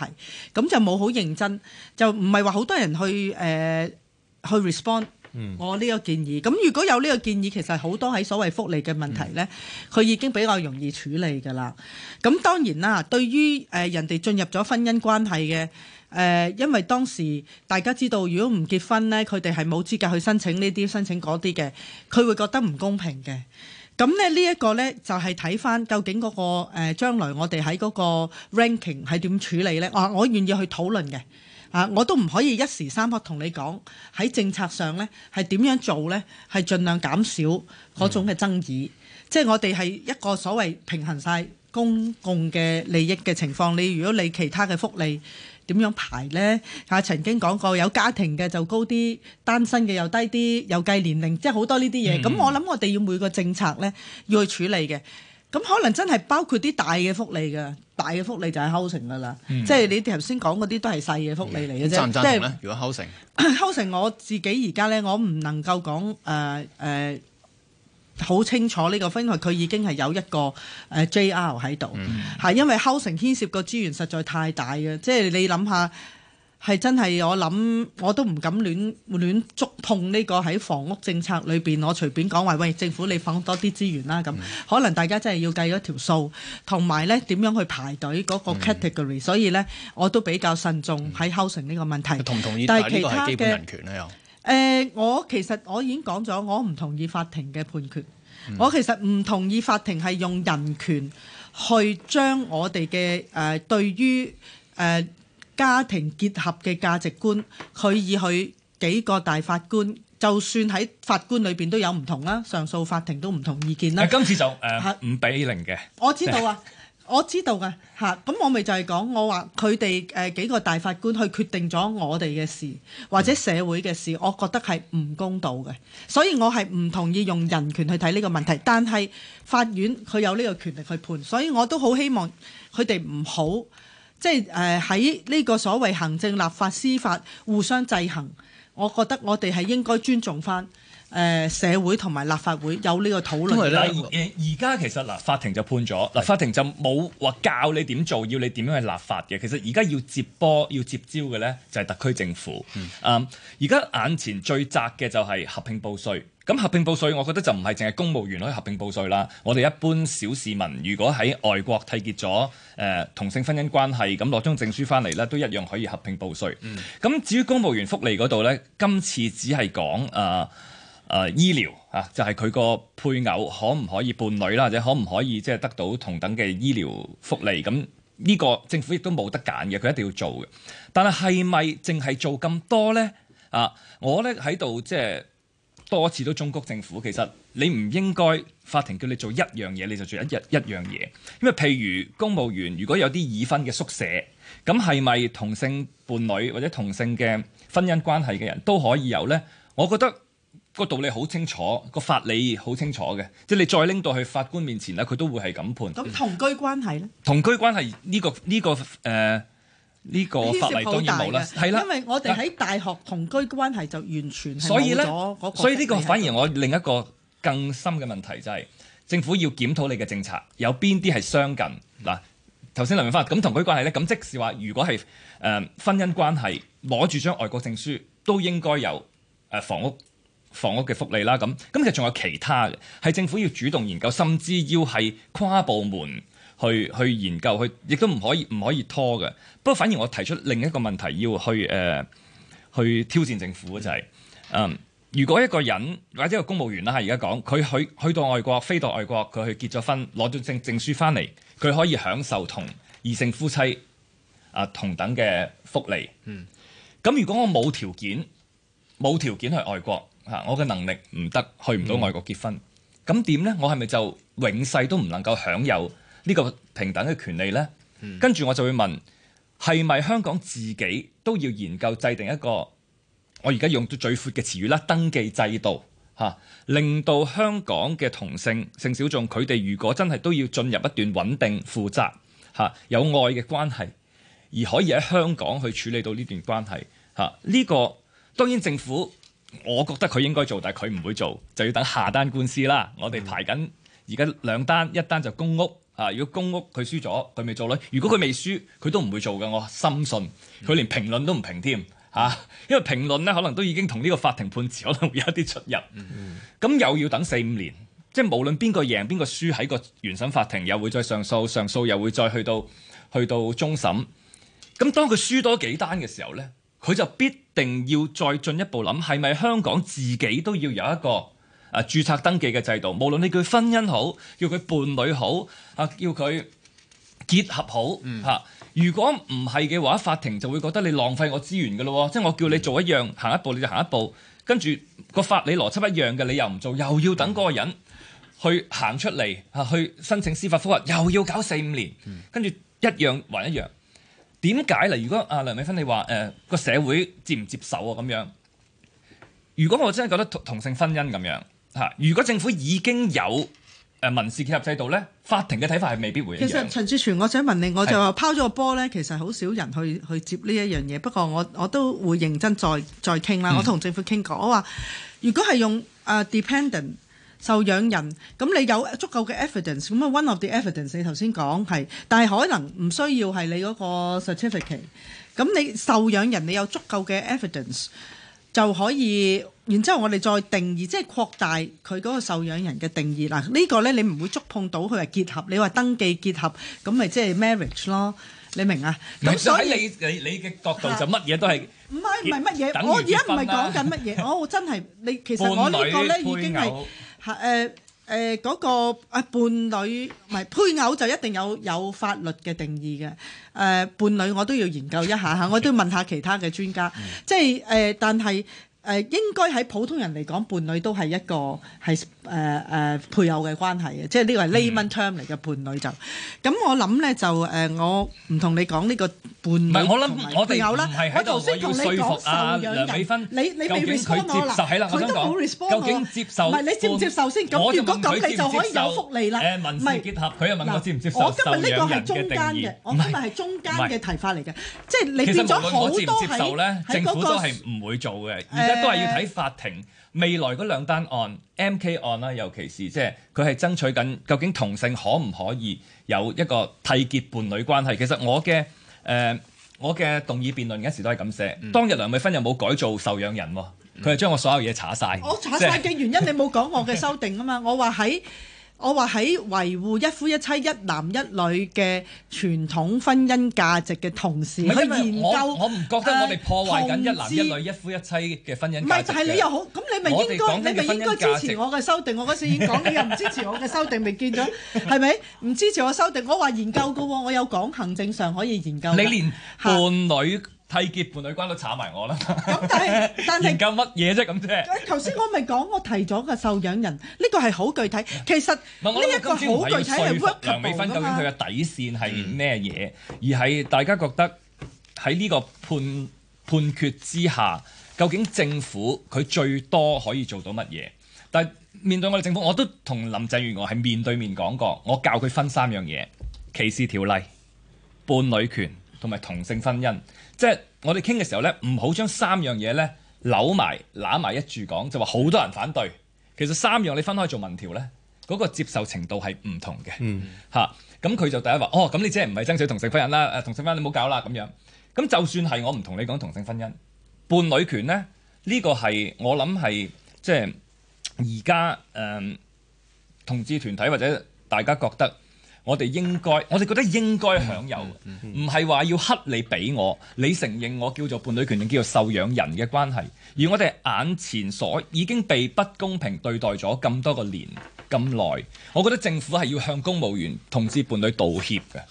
咁就冇好認真，就唔係話好多人去誒去 respond。我呢、哦呢個建議，咁如果有呢個建議，其實好多喺所謂福利嘅問題呢佢、嗯、已經比較容易處理噶啦。咁當然啦，對於誒人哋進入咗婚姻關係嘅誒，因為當時大家知道，如果唔結婚呢，佢哋係冇資格去申請呢啲、申請嗰啲嘅，佢會覺得唔公平嘅。咁咧呢一個呢，就係睇翻究竟嗰個誒將來我哋喺嗰個 ranking 係點處理呢？啊，我願意去討論嘅。啊！我都唔可以一時三刻同你講喺政策上呢係點樣做呢？係盡量減少嗰種嘅爭議。嗯、即係我哋係一個所謂平衡晒公共嘅利益嘅情況。你如果你其他嘅福利點樣排呢？啊，曾經講過有家庭嘅就高啲，單身嘅又低啲，又計年齡，即係好多呢啲嘢。咁、嗯、我諗我哋要每個政策呢要去處理嘅。咁可能真係包括啲大嘅福利嘅，大嘅福利就係 housing 啦，即係你頭先講嗰啲都係細嘅福利嚟嘅啫。贊唔贊同咧？、嗯、是如果 housing，housing 我自己而家咧，我唔能夠講誒誒好清楚呢、呢個分開，佢已經係有一個誒 JR 喺度，係、嗯、因為 housing 牽涉個資源實在太大嘅，即係你諗下。係真係我諗，我都唔敢亂亂觸碰呢個喺房屋政策裏邊，我隨便講話喂，政府你放多啲資源啦咁。Mm. 可能大家真係要計咗條數，同埋呢點樣去排隊嗰個 category。Mm. 所以呢，我都比較慎重喺 housing 呢個問題。同唔同意？但係其他嘅人權，誒、呃，我其實我已經講咗，我唔同意法庭嘅判決。Mm. 我其實唔同意法庭係用人權去將我哋嘅誒對於誒。呃呃家庭結合嘅價值觀，佢以佢幾個大法官，就算喺法官裏邊都有唔同啦，上訴法庭都唔同意見啦、啊。今次就誒、呃啊、五比零嘅，我知道啊， 我知道嘅吓。咁、啊、我咪就係講，我話佢哋誒幾個大法官去決定咗我哋嘅事或者社會嘅事，我覺得係唔公道嘅，所以我係唔同意用人權去睇呢個問題。但係法院佢有呢個權力去判，所以我都好希望佢哋唔好。即係誒喺呢個所謂行政、立法、司法互相制衡，我覺得我哋係應該尊重返。誒、嗯、社會同埋立法會有個呢個討論，而家其實嗱、啊，法庭就判咗，嗱是的 法庭就冇話教你點做，要你點樣去立法嘅。其實而家要接波要接招嘅呢，就係、是、特區政府。嗯，嗯。而家眼前最窄嘅就係合併報稅。咁合併報稅，我覺得就唔係淨係公務員可以合併報稅啦。我哋一般小市民，如果喺外國締結咗誒、呃、同性婚姻關係，咁攞張證書翻嚟呢，都一樣可以合併報稅。嗯。咁至於公務員福利嗰度呢，今次只係講誒。呃誒、呃、醫療啊，就係佢個配偶可唔可以伴侶啦，或、啊、者可唔可以即係、就是、得到同等嘅醫療福利？咁、嗯、呢、這個政府亦都冇得揀嘅，佢一定要做嘅。但係係咪淨係做咁多呢？啊，我呢喺度即係多次都重複政府，其實你唔應該法庭叫你做一樣嘢，你就做一一樣嘢。因為譬如公務員如果有啲已婚嘅宿舍，咁係咪同性伴侶或者同性嘅婚姻關係嘅人都可以有呢？我覺得。個道理好清楚，個法理好清楚嘅，即係你再拎到去法官面前咧，佢都會係咁判。咁同居關係咧？同居關係呢關係、這個呢、這個誒呢、呃，這個法例當然冇啦，係啦，因為我哋喺大學同居關係就完全冇咗嗰個。所以呢、那個、所以呢個反而我另一個更深嘅問題就係、是，嗯、政府要檢討你嘅政策有邊啲係相近嗱。頭先林明發咁同居關係咧，咁即使話如果係誒婚姻關係攞住張外國證書，都應該有誒、呃、房屋。房屋嘅福利啦，咁咁其實仲有其他嘅，係政府要主動研究，甚至要係跨部門去去研究，去亦都唔可以唔可以拖嘅。不過反而我提出另一個問題，要去誒、呃、去挑戰政府嘅就係、是，嗯、呃，如果一個人或者個公務員啦，而家講佢去去到外國，飛到外國，佢去結咗婚，攞咗證證書翻嚟，佢可以享受同異性夫妻啊同等嘅福利。嗯，咁如果我冇條件，冇條件去外國。嚇，我嘅能力唔得，去唔到外國結婚，咁點、嗯、呢？我係咪就永世都唔能夠享有呢個平等嘅權利呢？嗯、跟住我就會問，係咪香港自己都要研究制定一個，我而家用到最闊嘅詞語啦，登記制度嚇、啊，令到香港嘅同性性小眾佢哋如果真係都要進入一段穩定、負責嚇、啊、有愛嘅關係，而可以喺香港去處理到呢段關係嚇？呢、啊呢個當然政府。我覺得佢應該做，但係佢唔會做，就要等下單官司啦。我哋排緊而家兩單，一單就公屋。啊，如果公屋佢輸咗，佢咪做咧？如果佢未輸，佢都唔會做嘅。我深信，佢連評論都唔評添嚇，啊。因為評論咧，可能都已經同呢個法庭判詞可能會有一啲出入。咁又要等四五年，即係無論邊個贏邊個輸，喺個原審法庭又會再上訴，上訴又會再去到去到終審。咁當佢輸多幾單嘅時候呢。佢就必定要再進一步諗，係咪香港自己都要有一個啊註冊登記嘅制度？無論你叫佢婚姻好，叫佢伴侶好，啊叫佢結合好嚇。嗯、如果唔係嘅話，法庭就會覺得你浪費我資源㗎咯。即係我叫你做一樣、嗯、行一步，你就行一步，跟住個法理邏輯一樣嘅，你又唔做，又要等嗰個人去行出嚟嚇，去申請司法覆核，又要搞四五年，跟住一樣還一樣。點解咧？如果啊梁美芬你話誒個社會接唔接受啊咁樣？如果我真係覺得同同性婚姻咁樣嚇、啊，如果政府已經有誒、呃、民事結合制度咧，法庭嘅睇法係未必會一樣。其實陳志全，我想問你，我就話是拋咗個波咧，其實好少人去去接呢一樣嘢。不過我我都會認真再再傾啦。我同政府傾過，嗯、我話如果係用誒、uh, dependent。受養人，咁你有足夠嘅 evidence，咁啊 one of the evidence 你頭先講係，但係可能唔需要係你嗰個 certificate。咁你受養人你有足夠嘅 evidence 就可以，然之後我哋再定義，即係擴大佢嗰個受養人嘅定義嗱。呢個咧你唔會觸碰到佢係結合，你話登記結合咁咪即係 marriage 咯，你明啊？咁所以喺你你你嘅角度就乜嘢都係唔係，唔係乜嘢。我而家唔係講緊乜嘢，我真係你其實我呢個咧已經係。係誒誒嗰個誒伴侶唔係配偶，就一定有有法律嘅定義嘅。誒、呃、伴侶我都要研究一下嚇，我都要問下其他嘅專家，嗯、即係誒、呃，但係誒、呃、應該喺普通人嚟講，伴侶都係一個係。誒誒，配偶嘅關係嘅，即係呢個係 layman term 嚟嘅伴侶就，咁我諗咧就誒，我唔同你講呢個伴侶。唔係我諗，我哋唔係喺度要退學啊梁美芬。你你未回答我啦，佢都冇 respond 我。究竟接受，唔係你接唔接受先？咁如果咁，你就可以有福利啦。誒，民事結合佢又問我接唔接受？我今日呢個係中間嘅，我今日係中間嘅提法嚟嘅，即係你變咗好多係。政府都係唔會做嘅，而且都係要睇法庭。未來嗰兩單案 M.K. 案啦，啊，尤其是即係佢係爭取緊究竟同性可唔可以有一個締結伴侶關係？其實我嘅誒，呃、我嘅動議辯論嗰時都係咁寫。嗯、當日梁美芬又冇改做受養人，佢係將我所有嘢查晒。嗯，就是，我查晒嘅原因 你冇講我嘅修訂啊嘛，我話喺。 我話喺維護一夫一妻一男一女嘅傳統婚姻價值嘅同時，去研究我唔覺得我哋破壞緊一男一女一夫一妻嘅婚姻。唔係、呃，但係你又好咁，你咪應該，你咪應該支持我嘅修訂。我嗰時已經講，你又唔支持我嘅修訂，未 見咗係咪？唔支持我修訂，我話研究㗎喎，我有講行政上可以研究。你連伴侶締結伴侶關都炒埋我啦！咁但係，但係夠乜嘢啫？咁啫！ 頭 先我咪講，我提咗個受養人，呢、這個係好具體。嗯、其實呢、嗯、一個好具體係屈梁美芬、啊、究竟佢嘅底線係咩嘢，嗯、而係大家覺得喺呢個判判決之下，究竟政府佢最多可以做到乜嘢？但面對我哋政府，我都同林鄭月娥係面對面講過，我教佢分三樣嘢：歧視條例、伴侶權同埋同性婚姻。即係我哋傾嘅時候咧，唔好將三樣嘢咧扭埋攬埋一住講，就話好多人反對。其實三樣你分開做民調咧，嗰個接受程度係唔同嘅。嗯，嚇咁佢就第一話，哦咁你即係唔係爭取同性婚姻啦？誒，同性婚姻你唔好搞啦咁樣。咁就算係我唔同你講同性婚姻，伴侶權咧，呢個係我諗係即係而家誒同志團體或者大家覺得。我哋應該，我哋覺得應該享有，唔係話要黑你俾我，你承認我叫做伴侶權定叫做受養人嘅關係，而我哋眼前所已經被不公平對待咗咁多個年咁耐，我覺得政府係要向公務員同志伴侶道歉嘅，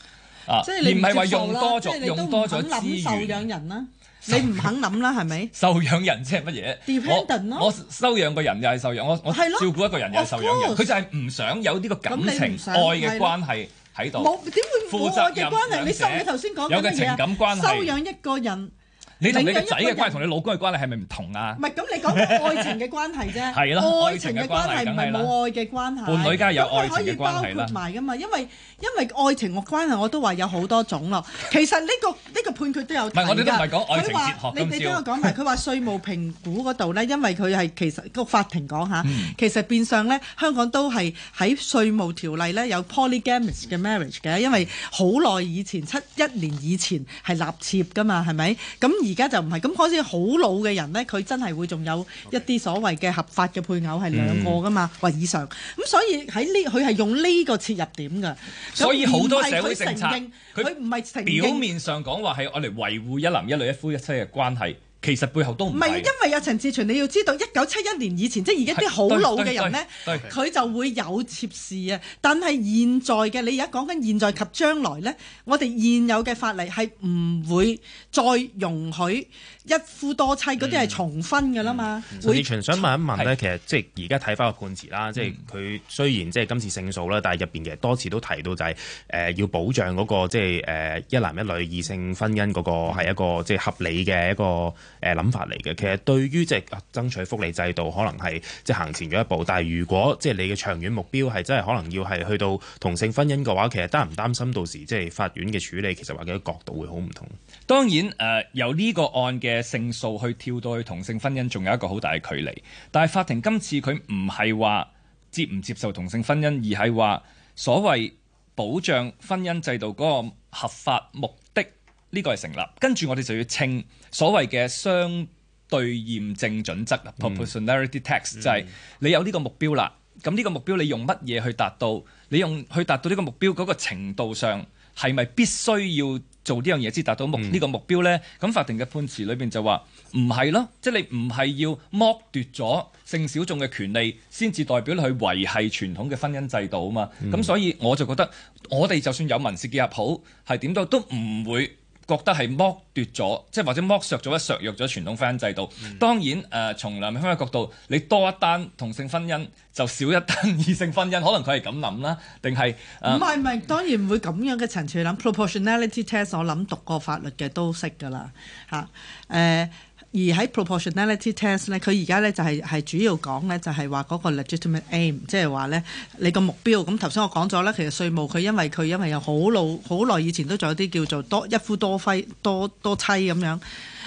即你啊，唔係話用多咗，用多咗受養人啦、啊。你唔肯諗啦，係咪？受養人即係乜嘢？Dependent。我我收養個人又係受養，我我照顧一個人又係受養人，佢就係唔想有呢個感情愛嘅關係喺度。冇點會唔會愛嘅關係？負責任者你你頭先講有個情感關係，收養一個人。你同你仔嘅關係同你老公嘅關係係咪唔同啊？唔係咁，你講愛情嘅關係啫。係咯 了，愛情嘅關係唔係冇愛嘅關係。 伴侶間有愛可以包括埋㗎嘛？ 因為因為愛情個關係我都話有好多種咯。其實呢個呢個判決都有係㗎。佢話說你你都有講埋。佢話稅務評估嗰度咧，因為佢係其實個法庭講下。 其實變相咧，香港都係喺稅務條例咧有 polygamous 嘅 marriage 嘅，因為好耐以前七一年以前係立妾㗎嘛，係咪咁？而家就唔係，咁，開始好老嘅人咧，佢真係會仲有一啲所謂嘅合法嘅配偶係兩個㗎嘛，嗯、或以上。咁所以喺呢，佢係用呢個切入點㗎。所以好多社會政策，佢唔係承認，表面上講話係我哋維護一男一女一夫一妻嘅關係。其實背後都唔係，因為啊陳志全，你要知道一九七一年以前，即係而家啲好老嘅人呢，佢就會有妾侍啊。但係現在嘅，你而家講緊現在及將來呢，我哋現有嘅法例係唔會再容許。一夫多妻嗰啲係重婚噶啦嘛，陳志全、嗯嗯、會想問一問咧，是其實、嗯、即係而家睇翻個判詞啦，即係佢雖然即係今次勝訴啦，但係入邊其實多次都提到就係誒要保障嗰、那個即係誒一男一女異性婚姻嗰個係一個即係合理嘅一個誒諗法嚟嘅。其實對於即係爭取福利制度，可能係即係行前咗一步，但係如果即係你嘅長遠目標係真係可能要係去到同性婚姻嘅話，其實擔唔擔心到時即係法院嘅處理其實或者嘅角度會好唔同？當然誒有呢個案嘅。嘅勝訴去跳到去同性婚姻，仲有一個好大嘅距離。但係法庭今次佢唔係話接唔接受同性婚姻，而係話所謂保障婚姻制度嗰個合法目的呢個係成立。跟住我哋就要稱所謂嘅相對驗證準則啊 （proportionality test），就係你有呢個目標啦，咁呢個目標你用乜嘢去達到？你用去達到呢個目標嗰個程度上，係咪必須要？做呢樣嘢先達到目呢個目標呢？咁、嗯、法庭嘅判詞裏邊就話唔係咯，即、就、係、是、你唔係要剝奪咗性小眾嘅權利，先至代表你去維繫傳統嘅婚姻制度啊嘛。咁、嗯、所以我就覺得，我哋就算有民事結合好，係點都都唔會，覺得係剝奪咗，即係或者剝削咗，或削弱咗傳統婚姻制度。嗯、當然，誒、呃、從梁美芬嘅角度，你多一單同性婚姻就少一單異性婚姻，可能佢係咁諗啦，定係唔係唔係？當然唔會咁樣嘅層次去諗、嗯、proportionality test。我諗讀過法律嘅都識㗎啦嚇誒。啊呃而喺 proportionality test 咧，佢而家咧就係係主要講咧，就係話嗰個 legitimate aim，即係話咧你個目標。咁頭先我講咗啦，其實稅務佢因為佢因為有好老好耐以前都仲有啲叫做多一夫多，多，多妻多多妻咁樣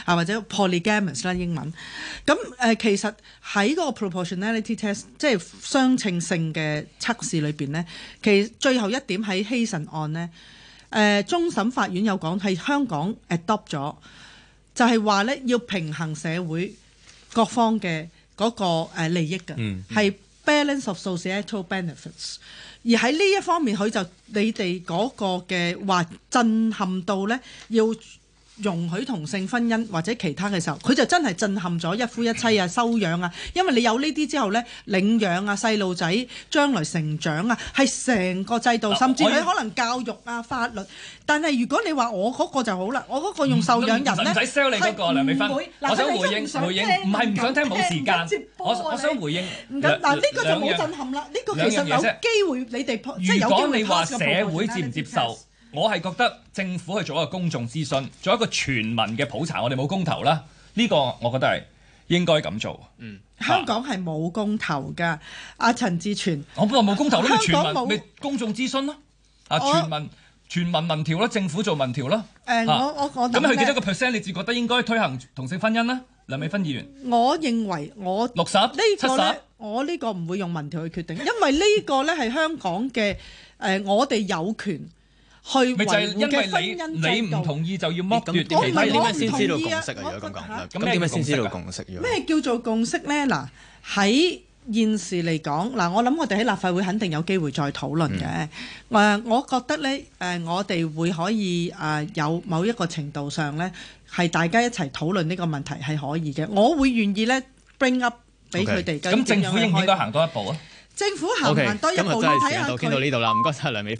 啊，或者 polygamy 啦英文。咁誒、呃、其實喺嗰個 proportionality test，即係相稱性嘅測試裏邊咧，其實最後一點喺希慎案咧，誒、呃、終審法院有講，係香港 adopt 咗。就係話咧，要平衡社會各方嘅嗰個利益㗎，係、嗯嗯、balance of social benefits。而喺呢一方面，佢就你哋嗰個嘅話震撼到咧，要。容許同性婚姻或者其他嘅時候，佢就真係震撼咗一夫一妻啊、收養啊，因為你有呢啲之後咧，領養啊細路仔將來成長啊，係成個制度，甚至係可能教育啊法律。但係如果你話我嗰個就好啦，我嗰個用受養人咧，唔使 sell 你嗰個，係唔會。美芬，我想回應，唔係唔想聽，冇時間。我我想回應，唔緊，嗱呢個就冇震撼啦，呢個其實有機會你哋即係有機會 post 嘅部分。如果你話社會接唔接受？我係覺得政府去做一個公眾諮詢，做一個全民嘅普查，我哋冇公投啦，呢個我覺得係應該咁做。嗯，香港係冇公投㗎。阿陳志全，我本話冇公投都要全民，咪公眾諮詢咯。啊，全民，全民民調啦，政府做民調啦。誒，我我我咁樣去幾多個 percent？你至覺得應該推行同性婚姻咧？梁美芬議員，我認為我六十、七十，我呢個唔會用民調去決定，因為呢個咧係香港嘅誒，我哋有權。去維護婚姻制度。我唔係我唔同意。我唔係點樣先知道共識啊？如果咁講咧，咁點樣先知道共識？咩叫做共識咧？嗱，喺現時嚟講，嗱，我諗我哋喺立法會肯定有機會再討論嘅。誒，我覺得咧，誒，我哋會可以誒，有某一個程度上咧，係大家一齊討論呢個問題係可以嘅。我會願意咧，bring up 俾佢哋。咁政府應唔應該行多一步啊？政府行唔行多一步，咁就係到見到呢度啦。唔該曬梁美。